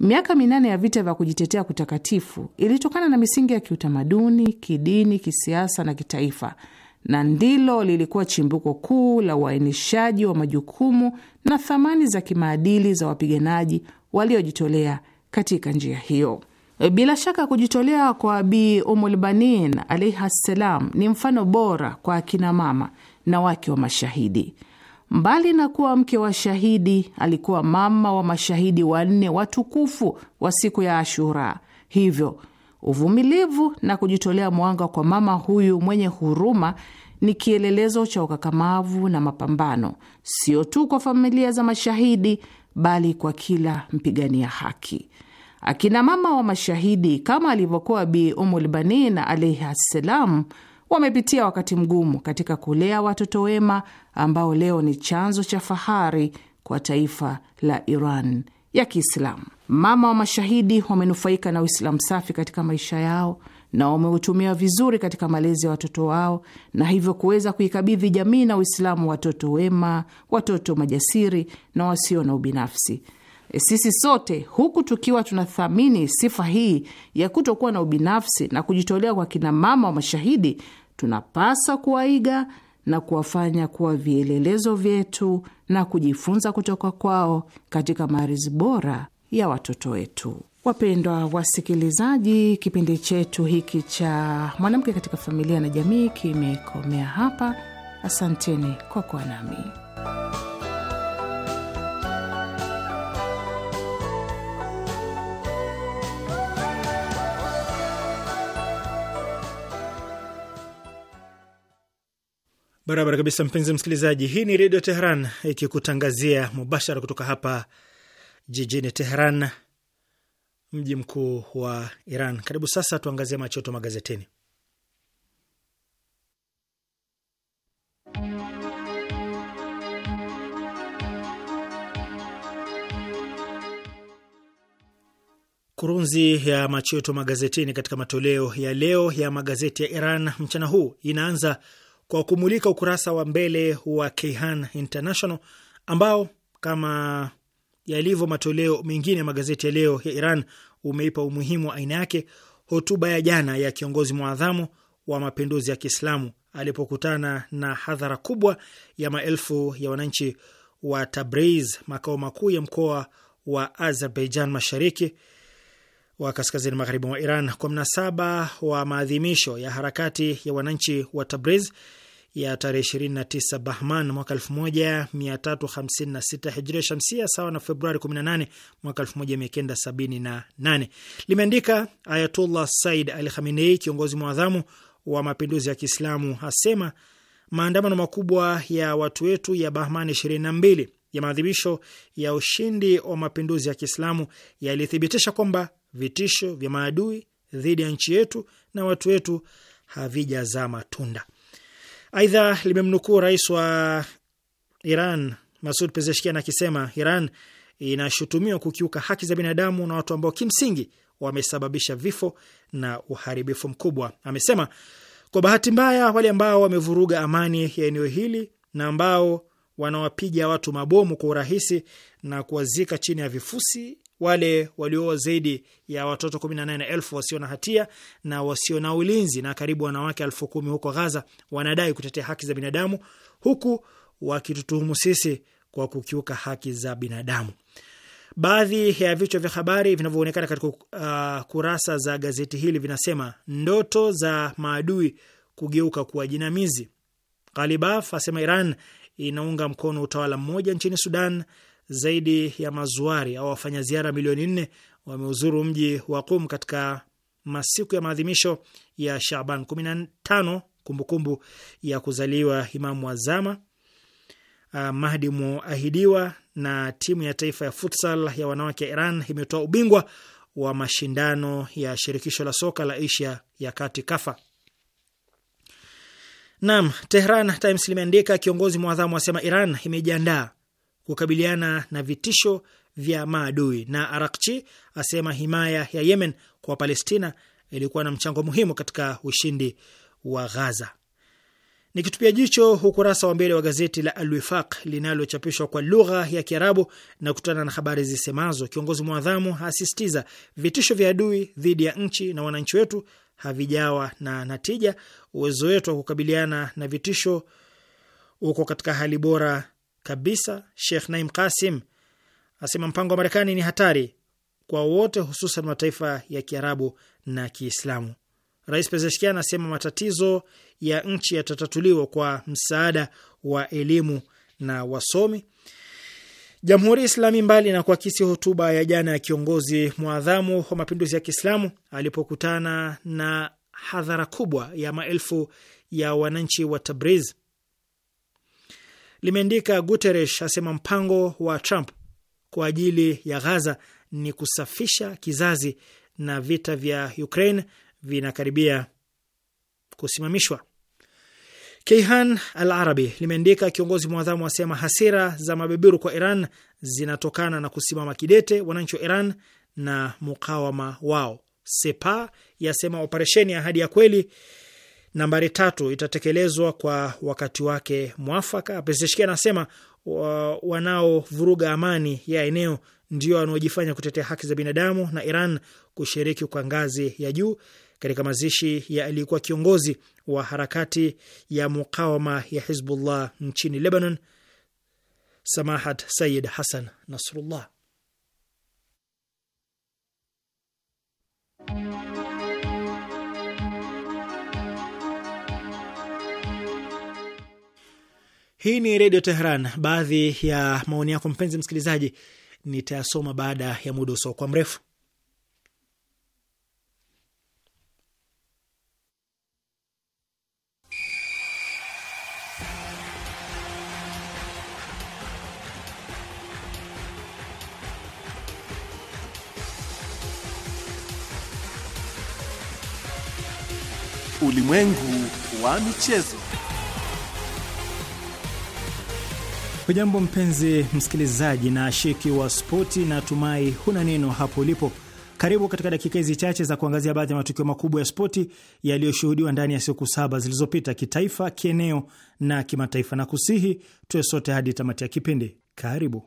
Miaka minane ya vita vya kujitetea kutakatifu ilitokana na misingi ya kiutamaduni, kidini, kisiasa na kitaifa, na ndilo lilikuwa chimbuko kuu la uainishaji wa majukumu na thamani za kimaadili za wapiganaji waliojitolea katika njia hiyo. Bila shaka kujitolea kwa Bi Umulbanin alaihi ssalam ni mfano bora kwa akinamama na wake wa mashahidi. Mbali na kuwa mke wa shahidi, alikuwa mama wa mashahidi wanne watukufu wa siku ya Ashura. Hivyo uvumilivu na kujitolea mwanga kwa mama huyu mwenye huruma ni kielelezo cha ukakamavu na mapambano, sio tu kwa familia za mashahidi, bali kwa kila mpigania haki. Akina mama wa mashahidi kama alivyokuwa Bi Umulbanin alaihi assalam wamepitia wakati mgumu katika kulea watoto wema ambao leo ni chanzo cha fahari kwa taifa la Iran ya Kiislamu. Mama wa mashahidi wamenufaika na Uislamu safi katika maisha yao na wameutumia vizuri katika malezi ya watoto wao na hivyo kuweza kuikabidhi jamii na Uislamu watoto wema, watoto majasiri na wasio na ubinafsi. E, sisi sote huku tukiwa tunathamini sifa hii ya kutokuwa na ubinafsi na kujitolea kwa kinamama wa mashahidi, tunapasa kuwaiga na kuwafanya kuwa vielelezo vyetu na kujifunza kutoka kwao katika maarizi bora ya watoto wetu. Wapendwa wasikilizaji, kipindi chetu hiki cha mwanamke katika familia na jamii kimekomea hapa. Asanteni kwa kuwa nami. Barabara kabisa, mpenzi msikilizaji, hii ni Redio Teheran ikikutangazia mubashara kutoka hapa jijini Teheran, mji mkuu wa Iran. Karibu sasa tuangazie machoto magazetini. Kurunzi ya machoto magazetini katika matoleo ya leo ya magazeti ya Iran mchana huu inaanza kwa kumulika ukurasa wa mbele wa Kayhan International ambao kama yalivyo matoleo mengine ya magazeti ya leo ya Iran umeipa umuhimu wa aina yake hotuba ya jana ya kiongozi mwadhamu wa mapinduzi ya Kiislamu alipokutana na hadhara kubwa ya maelfu ya wananchi wa Tabriz, makao makuu ya mkoa wa Azerbaijan mashariki wa kaskazini magharibi mwa Iran, kwa mnasaba wa maadhimisho ya harakati ya wananchi wa Tabriz ya tarehe 29 Bahman mwaka 1356 Hijri shamsia sawa na Februari 18 mwaka 1978, limeandika Ayatullah Said Ali Khamenei, kiongozi mwadhamu wa mapinduzi ya Kiislamu, asema maandamano makubwa ya watu wetu ya Bahman 22 ya maadhimisho ya ushindi wa mapinduzi ya Kiislamu yalithibitisha kwamba vitisho vya maadui dhidi ya nchi yetu na watu wetu havijazaa matunda. Aidha, limemnukuu rais wa Iran Masud Pezeshkian akisema Iran inashutumiwa kukiuka haki za binadamu na watu ambao kimsingi wamesababisha vifo na uharibifu mkubwa. Amesema kwa bahati mbaya, wale ambao wamevuruga amani ya eneo hili na ambao wanawapiga watu mabomu kwa urahisi na kuwazika chini ya vifusi wale walioua zaidi ya watoto 18,000 wasio na hatia na wasio na ulinzi na karibu wanawake elfu huko Gaza wanadai kutetea haki za binadamu huku wakitutuhumu sisi kwa kukiuka haki za binadamu. Baadhi ya vichwa vya habari vinavyoonekana katika uh, kurasa za gazeti hili vinasema ndoto za maadui kugeuka kuwa jinamizi. Ghalibaf asema Iran inaunga mkono utawala mmoja nchini Sudan zaidi ya mazuari au wafanya ziara milioni nne wameuzuru mji wa Qum katika masiku ya maadhimisho ya Shaban 15 kumbukumbu ya kuzaliwa Imamu Wazama uh, Mahdi Muahidiwa. Na timu ya taifa ya futsal ya wanawake ya Iran imetoa ubingwa wa mashindano ya shirikisho la soka la Asia ya kati Kafa. Nam, Tehran Times limeandika kiongozi mwadhamu asema Iran imejiandaa kukabiliana na vitisho vya maadui, na Arakchi asema himaya ya Yemen kwa Palestina ilikuwa na mchango muhimu katika ushindi wa Ghaza. Nikitupia jicho ukurasa wa mbele wa gazeti la Alwifaq linalochapishwa kwa lugha ya Kiarabu na kutana na habari zisemazo, kiongozi mwadhamu asisitiza vitisho vya adui dhidi ya nchi na wananchi wetu havijawa na natija. Uwezo wetu wa kukabiliana na vitisho uko katika hali bora kabisa. Sheikh Naim Kasim asema mpango wa Marekani ni hatari kwa wote, hususan mataifa ya Kiarabu na Kiislamu. Rais Pezeshkian anasema matatizo ya nchi yatatatuliwa kwa msaada wa elimu na wasomi. Jamhuri Islami, mbali na kuakisi hotuba ya jana ya kiongozi mwadhamu wa mapinduzi ya Kiislamu alipokutana na hadhara kubwa ya maelfu ya wananchi wa Tabriz limeandika Guterres asema mpango wa Trump kwa ajili ya Ghaza ni kusafisha kizazi na vita vya Ukraine vinakaribia kusimamishwa. Keihan Al Arabi limeandika kiongozi mwadhamu asema hasira za mabeberu kwa Iran zinatokana na kusimama kidete wananchi wa Iran na mukawama wao. Sepa yasema operesheni ya ahadi ya kweli nambari tatu itatekelezwa kwa wakati wake mwafaka. Pezeshkian anasema uh, wanaovuruga amani ya eneo ndio wanaojifanya kutetea haki za binadamu na Iran kushiriki kwa ngazi ya juu katika mazishi ya aliyekuwa kiongozi wa harakati ya mukawama ya Hizbullah nchini Lebanon, Samahat Sayid hasan Nasrullah. Hii ni Redio Teheran. Baadhi ya maoni yako mpenzi msikilizaji nitayasoma baada ya muda usio kwa mrefu. Ulimwengu wa michezo. Hujambo mpenzi msikilizaji na shiki wa spoti, na tumai huna neno hapo ulipo. Karibu katika dakika hizi chache za kuangazia baadhi ya matukio makubwa ya spoti yaliyoshuhudiwa ndani ya siku saba zilizopita, kitaifa, kieneo na kimataifa, na kusihi tuwe sote hadi tamati ya kipindi. Karibu.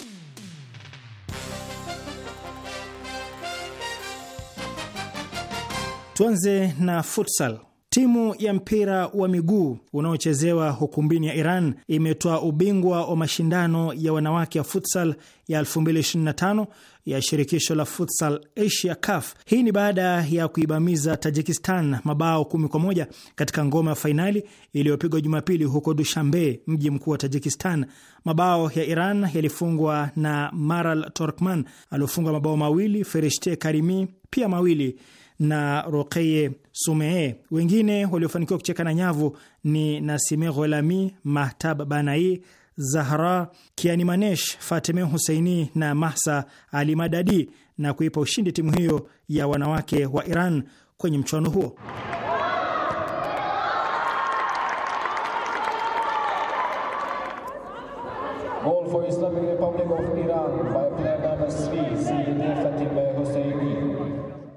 Tuanze na futsal. Timu ya mpira wa miguu unaochezewa hukumbini ya Iran imetoa ubingwa wa mashindano ya wanawake ya futsal ya 2025 ya shirikisho la futsal Asia CAF. Hii ni baada ya kuibamiza Tajikistan mabao kumi kwa moja katika ngoma ya fainali iliyopigwa Jumapili huko Dushambe, mji mkuu wa Tajikistan. Mabao ya Iran yalifungwa na Maral Torkman aliofunga mabao mawili, Ferishte Karimi pia mawili na Rokeye Sumee. Wengine waliofanikiwa kucheka na nyavu ni Nasime Gholami, Mahtab Banai, Zahra kiani manesh Fatime Huseini na Mahsa Ali Madadi, na kuipa ushindi timu hiyo ya wanawake wa Iran kwenye mchuano huo. Goal for Islamic Republic of Iran by player number 3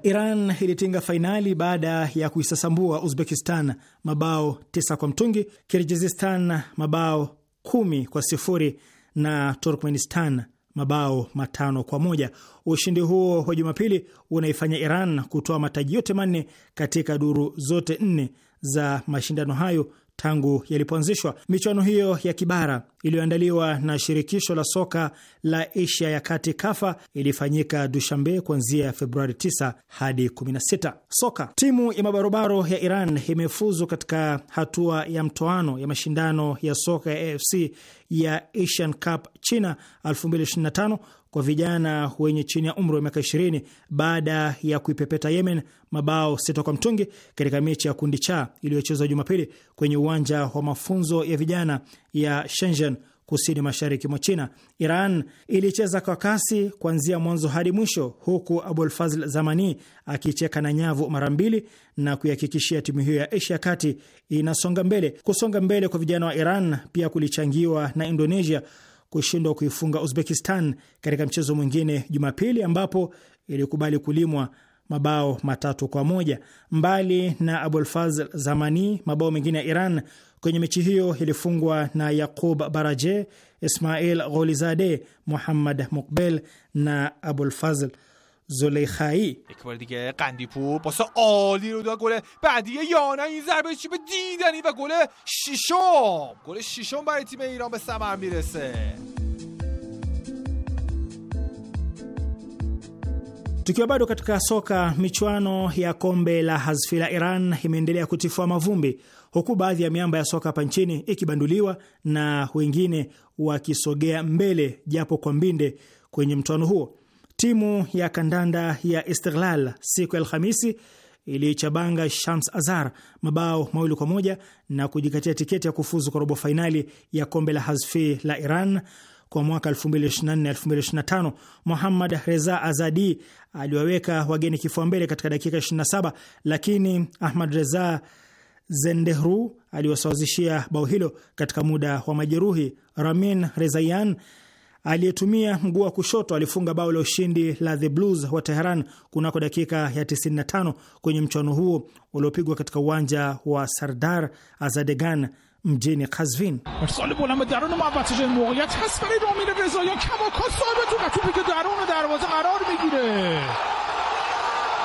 Iran ilitinga fainali baada ya kuisasambua Uzbekistan mabao tisa kwa mtungi, Kirgizistan mabao kumi kwa sifuri na Turkmenistan mabao matano kwa moja. Ushindi huo wa Jumapili unaifanya Iran kutoa mataji yote manne katika duru zote nne za mashindano hayo tangu yalipoanzishwa. Michuano hiyo ya kibara iliyoandaliwa na shirikisho la soka la Asia ya kati KAFA ilifanyika Dushambe kuanzia Februari 9 hadi 16. Soka timu ya mabarobaro ya Iran imefuzu katika hatua ya mtoano ya mashindano ya soka ya AFC ya Asian Cup China 2025 kwa vijana wenye chini ya umri wa miaka 20 baada ya kuipepeta Yemen mabao sita kwa mtungi katika mechi ya kundi cha iliyochezwa Jumapili kwenye uwanja wa mafunzo ya vijana ya Shenzhen kusini mashariki mwa China. Iran ilicheza kwa kasi kuanzia mwanzo hadi mwisho, huku Abulfazl Zamani akicheka na nyavu mara mbili na kuihakikishia timu hiyo ya Asia kati inasonga mbele. Kusonga mbele kwa vijana wa Iran pia kulichangiwa na Indonesia kushindwa kuifunga Uzbekistan katika mchezo mwingine Jumapili, ambapo ilikubali kulimwa mabao matatu kwa moja. Mbali na Abulfazl Zamani, mabao mengine ya Iran kwenye mechi hiyo ilifungwa na Yaqub Baraje, Ismail Gholizade, Muhammad Mukbel na Abulfazl Zuleikhai. Tukiwa bado katika soka, michuano ya kombe la Hazfi la Iran imeendelea kutifua mavumbi huku baadhi ya miamba ya soka hapa nchini ikibanduliwa na wengine wakisogea mbele japo kwa mbinde kwenye mtoano huo. Timu ya kandanda ya Istiklal siku ya Alhamisi ilichabanga Shams Azar mabao mawili kwa moja na kujikatia tiketi ya kufuzu kwa robo fainali ya kombe la Hazfi la Iran kwa mwaka 2024-2025. Muhammad Reza Azadi aliwaweka wageni kifua mbele katika dakika 27, lakini Ahmad Reza Zendehru aliwasawazishia bao hilo katika muda wa majeruhi. Ramin Rezayan aliyetumia mguu wa kushoto alifunga bao la ushindi la The Blues wa Teheran kunako dakika ya 95 kwenye mchuano huo uliopigwa katika uwanja wa Sardar Azadegan mjini Kazvin.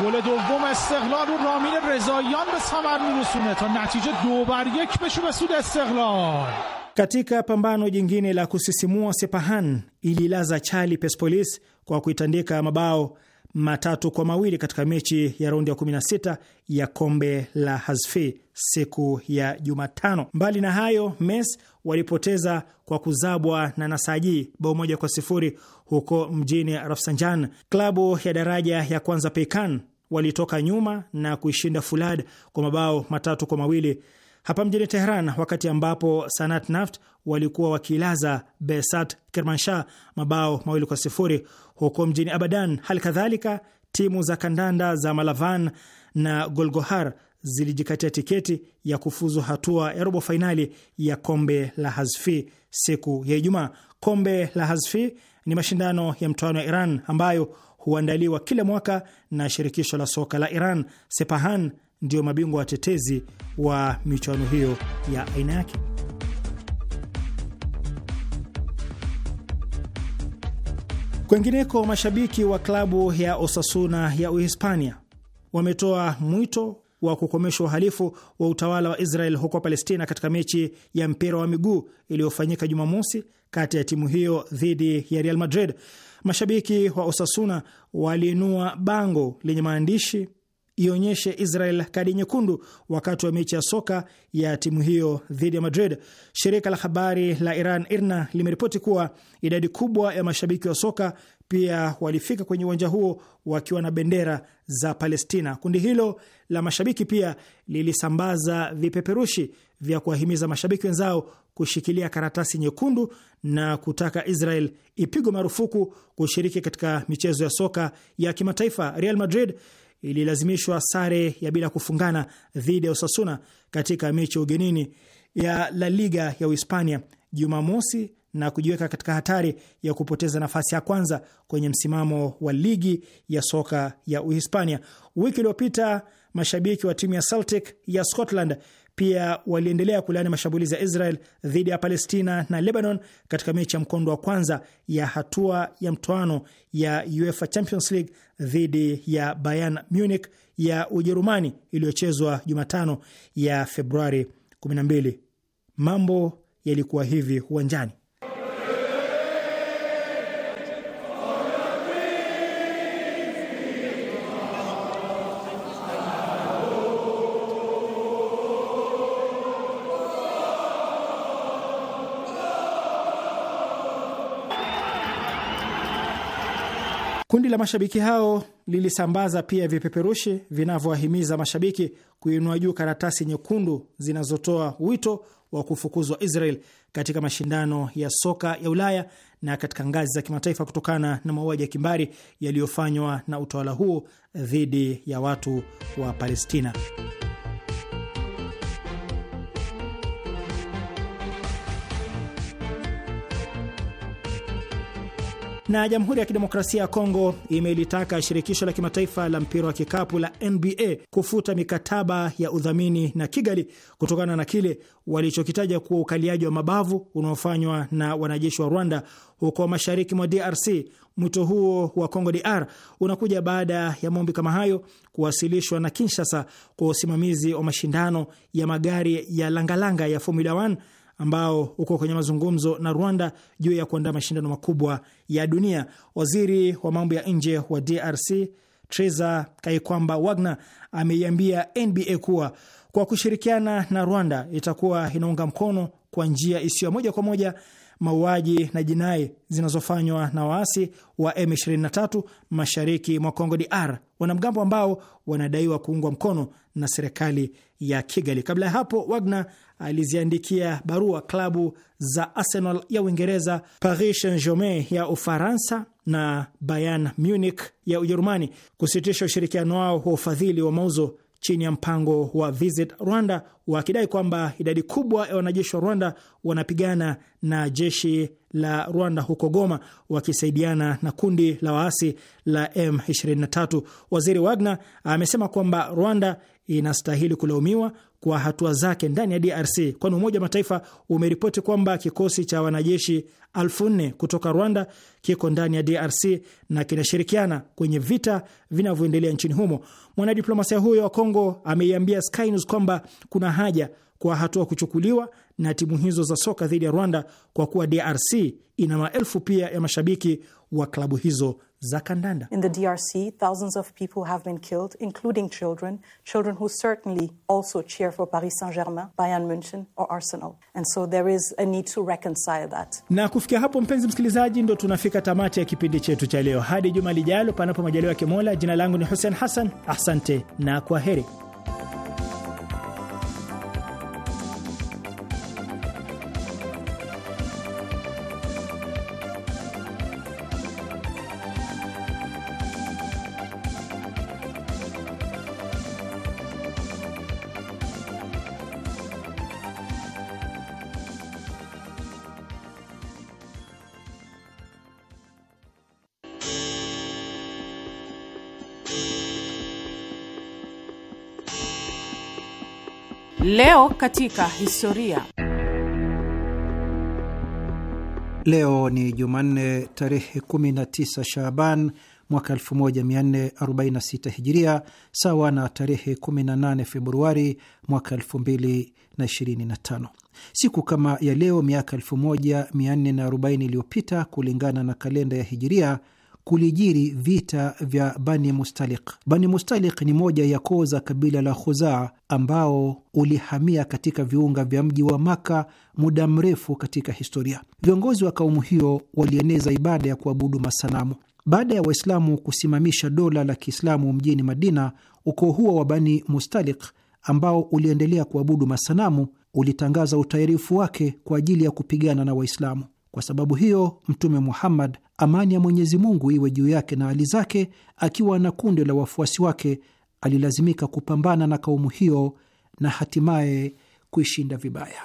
گل دوم استقلال رو رامین رضاییان به ثمر میرسونه تا نتیجه دو بر یک بشه به سود استقلال katika pambano jingine la kusisimua Sepahan ililaza chali Persepolis kwa kuitandika mabao matatu kwa mawili katika mechi ya raundi ya 16 ya kombe la Hazfi siku ya Jumatano. Mbali na hayo, Mes walipoteza kwa kuzabwa na Nasaji bao moja kwa sifuri huko mjini Rafsanjan. Klabu ya daraja ya kwanza Peikan walitoka nyuma na kuishinda Fulad kwa mabao matatu kwa mawili hapa mjini Tehran, wakati ambapo Sanat Naft walikuwa wakilaza Besat Kermanshah mabao mawili kwa sifuri huko mjini Abadan. Hali kadhalika timu za kandanda za Malavan na Golgohar zilijikatia tiketi ya kufuzu hatua ya robo fainali ya kombe la Hazfi siku ya Ijumaa. Kombe la Hazfi ni mashindano ya mtoano ya Iran ambayo huandaliwa kila mwaka na shirikisho la soka la Iran Sepahan ndio mabingwa watetezi wa michuano hiyo ya aina yake. Kwengineko, mashabiki wa klabu ya Osasuna ya Uhispania wametoa mwito wa kukomesha uhalifu wa utawala wa Israel huko Palestina katika mechi ya mpira wa miguu iliyofanyika Jumamosi kati ya timu hiyo dhidi ya Real Madrid. Mashabiki wa Osasuna waliinua bango lenye maandishi ionyeshe Israel kadi nyekundu wakati wa mechi ya soka ya timu hiyo dhidi ya Madrid. Shirika la habari la Iran IRNA limeripoti kuwa idadi kubwa ya mashabiki wa soka pia walifika kwenye uwanja huo wakiwa na bendera za Palestina. Kundi hilo la mashabiki pia lilisambaza vipeperushi vya kuwahimiza mashabiki wenzao kushikilia karatasi nyekundu na kutaka Israel ipigwe marufuku kushiriki katika michezo ya soka ya kimataifa. Real Madrid ililazimishwa sare ya bila kufungana dhidi ya Osasuna katika mechi ya ugenini ya La Liga ya Uhispania Jumamosi na kujiweka katika hatari ya kupoteza nafasi ya kwanza kwenye msimamo wa ligi ya soka ya Uhispania. Wiki iliyopita mashabiki wa timu ya Celtic ya Scotland pia waliendelea kulaani mashambulizi ya Israel dhidi ya Palestina na Lebanon katika mechi ya mkondo wa kwanza ya hatua ya mtoano ya UEFA Champions League dhidi ya Bayern Munich ya Ujerumani iliyochezwa Jumatano ya Februari 12. Mambo yalikuwa hivi uwanjani. la mashabiki hao lilisambaza pia vipeperushi vinavyowahimiza mashabiki kuinua juu karatasi nyekundu zinazotoa wito wa kufukuzwa Israel katika mashindano ya soka ya Ulaya na katika ngazi za kimataifa kutokana na mauaji ya kimbari yaliyofanywa na utawala huo dhidi ya watu wa Palestina. Na Jamhuri ya Kidemokrasia ya Kongo imelitaka shirikisho la kimataifa la mpira wa kikapu la NBA kufuta mikataba ya udhamini na Kigali kutokana na kile walichokitaja kuwa ukaliaji wa mabavu unaofanywa na wanajeshi wa Rwanda huko mashariki mwa DRC. Mwito huo wa congo DR unakuja baada ya maombi kama hayo kuwasilishwa na Kinshasa kwa usimamizi wa mashindano ya magari ya langalanga ya Formula 1 ambao uko kwenye mazungumzo na Rwanda juu ya kuandaa mashindano makubwa ya dunia. Waziri wa mambo ya nje wa DRC Treza Kaikwamba Wagner ameiambia NBA kuwa kwa kushirikiana na Rwanda itakuwa inaunga mkono kwa njia isiyo moja kwa moja mauaji na jinai zinazofanywa na waasi wa M23 mashariki mwa Kongo DR, wanamgambo ambao wanadaiwa kuungwa mkono na serikali ya Kigali. Kabla ya hapo, Wagner aliziandikia barua klabu za Arsenal ya Uingereza, Paris Saint-Germain ya Ufaransa na Bayern Munich ya Ujerumani kusitisha ushirikiano wao wa ufadhili wa mauzo chini ya mpango wa Visit Rwanda wakidai kwamba idadi kubwa ya wanajeshi wa Rwanda wanapigana na jeshi la Rwanda huko Goma wakisaidiana na kundi la waasi la M23. Waziri Wagner amesema kwamba Rwanda inastahili kulaumiwa kwa hatua zake ndani ya DRC, kwani Umoja wa Mataifa umeripoti kwamba kikosi cha wanajeshi elfu nne kutoka Rwanda kiko ndani ya DRC na kinashirikiana kwenye vita vinavyoendelea nchini humo. Mwanadiplomasia huyo wa Kongo ameiambia Sky News kwamba kuna haja kwa hatua kuchukuliwa na timu hizo za soka dhidi ya Rwanda kwa kuwa DRC ina maelfu pia ya mashabiki wa klabu hizo za kandanda. In the DRC, thousands of people have been killed, including children, children who certainly also cheer for Paris Saint-Germain, Bayern Munchen or Arsenal. And so there is a need to reconcile that. Na kufikia hapo, mpenzi msikilizaji, ndo tunafika tamati ya kipindi chetu cha leo. Hadi juma lijalo, panapo majaliwa ya kimola jina langu ni Hussein Hassan. Asante na kwa heri. katika historia. Leo ni Jumanne tarehe 19 Shaaban mwaka 1446 Hijiria, sawa na tarehe 18 Februari mwaka 2025. Siku kama ya leo miaka 1440 iliyopita kulingana na kalenda ya Hijiria, kulijiri vita vya Bani Mustalik. Bani Mustalik ni moja ya koo za kabila la Khuzaa ambao ulihamia katika viunga vya mji wa Maka muda mrefu katika historia. Viongozi wa kaumu hiyo walieneza ibada ya kuabudu masanamu. Baada ya Waislamu kusimamisha dola la Kiislamu mjini Madina, ukoo huo wa Bani Mustalik ambao uliendelea kuabudu masanamu ulitangaza utayarifu wake kwa ajili ya kupigana na Waislamu. Kwa sababu hiyo Mtume Muhammad, amani ya Mwenyezi Mungu iwe juu yake na hali zake, akiwa na kundi la wafuasi wake, alilazimika kupambana na kaumu hiyo na hatimaye kuishinda vibaya.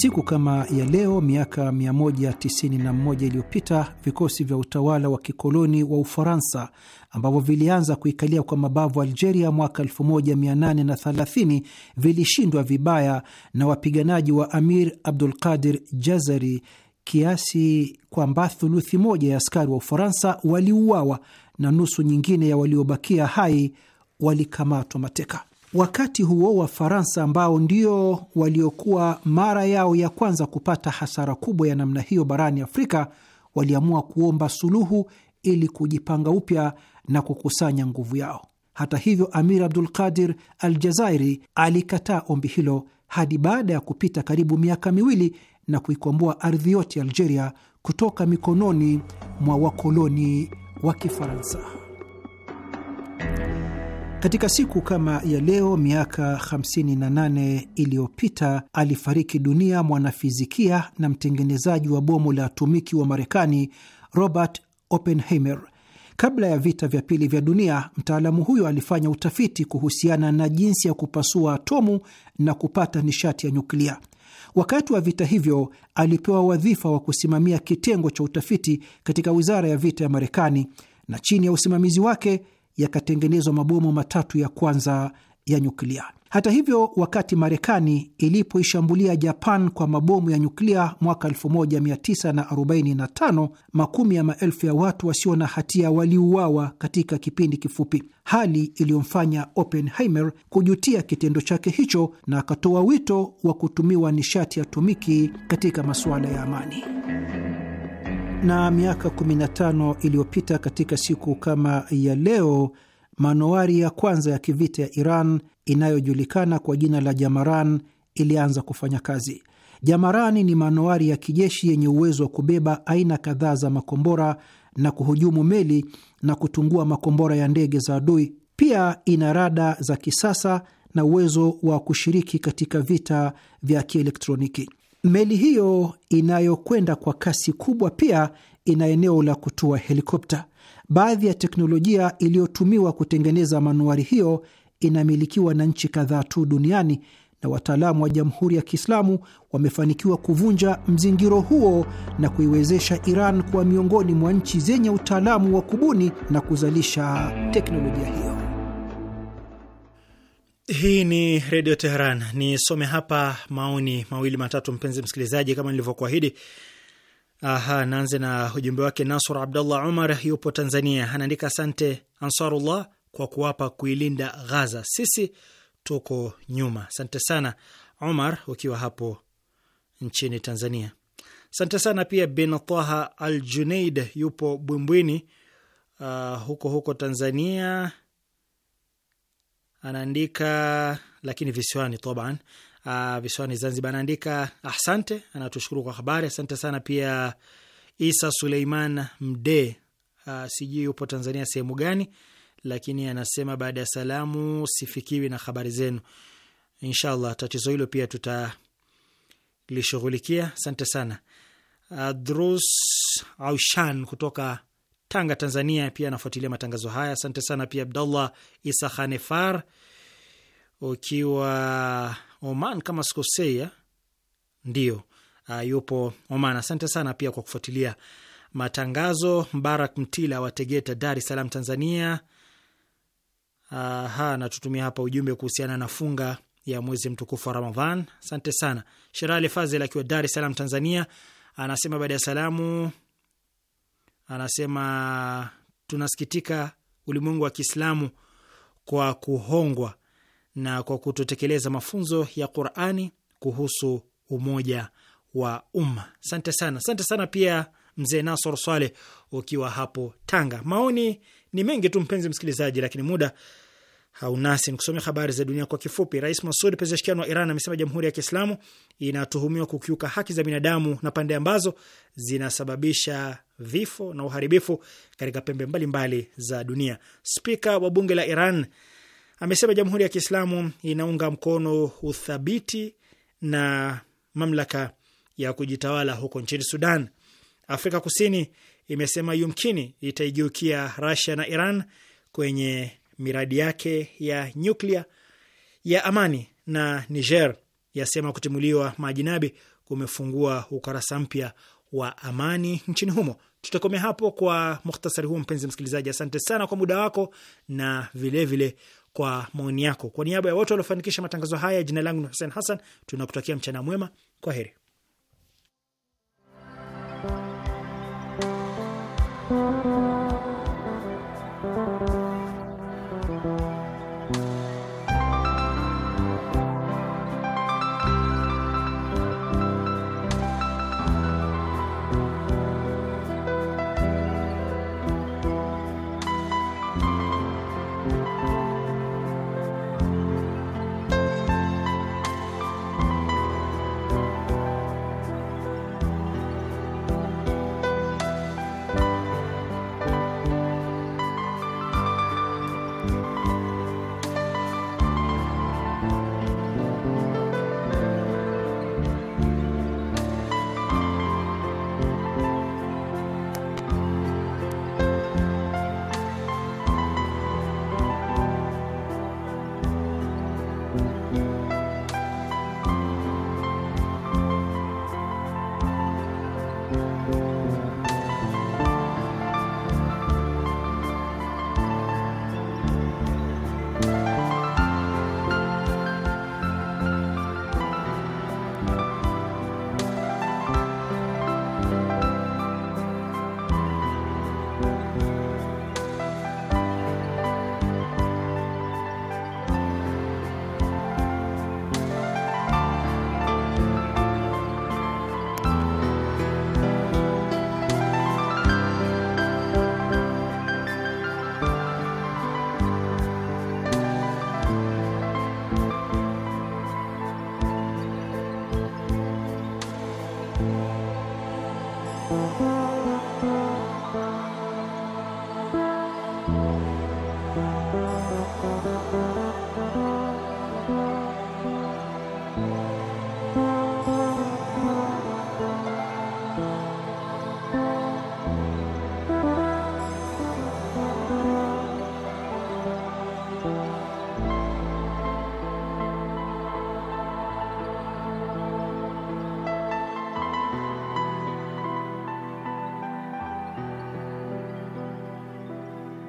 Siku kama ya leo miaka 191 iliyopita vikosi vya utawala wa kikoloni wa Ufaransa ambavyo vilianza kuikalia kwa mabavu Algeria mwaka 1830 vilishindwa vibaya na wapiganaji wa Amir Abdul Qadir Jazari kiasi kwamba thuluthi moja ya askari wa Ufaransa waliuawa na nusu nyingine ya waliobakia hai walikamatwa mateka. Wakati huo Wafaransa ambao ndio waliokuwa mara yao ya kwanza kupata hasara kubwa ya namna hiyo barani Afrika waliamua kuomba suluhu ili kujipanga upya na kukusanya nguvu yao. Hata hivyo, Amir Abdul Qadir Al Jazairi alikataa ombi hilo hadi baada ya kupita karibu miaka miwili na kuikomboa ardhi yote ya Algeria kutoka mikononi mwa wakoloni wa Kifaransa. Katika siku kama ya leo miaka 58 iliyopita alifariki dunia mwanafizikia na mtengenezaji wa bomu la atomiki wa Marekani Robert Oppenheimer. Kabla ya vita vya pili vya dunia, mtaalamu huyo alifanya utafiti kuhusiana na jinsi ya kupasua atomu na kupata nishati ya nyuklia. Wakati wa vita hivyo alipewa wadhifa wa kusimamia kitengo cha utafiti katika wizara ya vita ya Marekani, na chini ya usimamizi wake yakatengenezwa mabomu matatu ya kwanza ya nyuklia. Hata hivyo, wakati Marekani ilipoishambulia Japan kwa mabomu ya nyuklia mwaka 1945, makumi ya maelfu ya watu wasio na hatia waliuawa katika kipindi kifupi, hali iliyomfanya Oppenheimer kujutia kitendo chake hicho na akatoa wito wa kutumiwa nishati atomiki katika masuala ya amani. Na miaka 15 iliyopita katika siku kama ya leo, manowari ya kwanza ya kivita ya Iran inayojulikana kwa jina la Jamaran ilianza kufanya kazi. Jamarani ni manowari ya kijeshi yenye uwezo wa kubeba aina kadhaa za makombora na kuhujumu meli na kutungua makombora ya ndege za adui. Pia ina rada za kisasa na uwezo wa kushiriki katika vita vya kielektroniki. Meli hiyo inayokwenda kwa kasi kubwa pia ina eneo la kutua helikopta. Baadhi ya teknolojia iliyotumiwa kutengeneza manuari hiyo inamilikiwa na nchi kadhaa tu duniani na wataalamu wa Jamhuri ya Kiislamu wamefanikiwa kuvunja mzingiro huo na kuiwezesha Iran kuwa miongoni mwa nchi zenye utaalamu wa kubuni na kuzalisha teknolojia hiyo. Hii ni Redio Teheran. Nisome hapa maoni mawili matatu, mpenzi msikilizaji, kama nilivyokuahidi. Aha, naanze na ujumbe wake. Nasur Abdullah Umar yupo Tanzania, anaandika asante Ansarullah kwa kuwapa kuilinda Ghaza, sisi tuko nyuma. Asante sana Umar ukiwa hapo nchini Tanzania. Asante sana pia bin Taha Al Junaid yupo Bwimbwini, uh, huko huko Tanzania anaandika lakini visiwani taban, uh, ah, visiwani Zanzibar. Anaandika asante, anatushukuru kwa habari. Asante sana pia Isa Suleiman Mde, uh, sijui yupo Tanzania sehemu gani, lakini anasema baada ya salamu, sifikiwi na habari zenu. Inshallah tatizo hilo pia tutalishughulikia. Asante sana ah, drus Aushan kutoka Tanga, Tanzania, pia anafuatilia matangazo haya. Asante sana pia Abdallah Isa Hanefar ukiwa Oman kama sikosea, eh? ndio uh, yupo Oman. Asante sana pia kwa kufuatilia matangazo. Mbarak Mtila wa Tegeta, Dar es Salaam, Tanzania, anatutumia hapa ujumbe kuhusiana na funga ya mwezi mtukufu wa Ramadhan. Asante sana. Sherali Fazel akiwa Dar es Salaam, Tanzania, anasema baada ya salamu anasema tunasikitika ulimwengu wa Kiislamu kwa kuhongwa na kwa kutotekeleza mafunzo ya Qurani kuhusu umoja wa umma. Sante sana, sante sana pia mzee Nasor Swale ukiwa hapo Tanga. Maoni ni mengi tu mpenzi msikilizaji, lakini muda haunasi. Nikusomea habari za dunia kwa kifupi. Rais Masud Pezeshkian wa Iran amesema Jamhuri ya Kiislamu inatuhumiwa kukiuka haki za binadamu na pande ambazo zinasababisha vifo na uharibifu katika pembe mbalimbali mbali za dunia. Spika wa bunge la Iran amesema Jamhuri ya Kiislamu inaunga mkono uthabiti na mamlaka ya kujitawala huko nchini Sudan. Afrika Kusini imesema yumkini itaigeukia rasia na Iran kwenye miradi yake ya nyuklia ya amani, na Niger yasema kutimuliwa majinabi kumefungua ukurasa mpya wa amani nchini humo. Tutakomea hapo kwa muhtasari huu, mpenzi msikilizaji. Asante sana kwa muda wako na vilevile vile kwa maoni yako. Kwa niaba ya wote waliofanikisha matangazo haya, jina langu ni Hussein Hassan, tunakutakia mchana mwema. Kwa heri.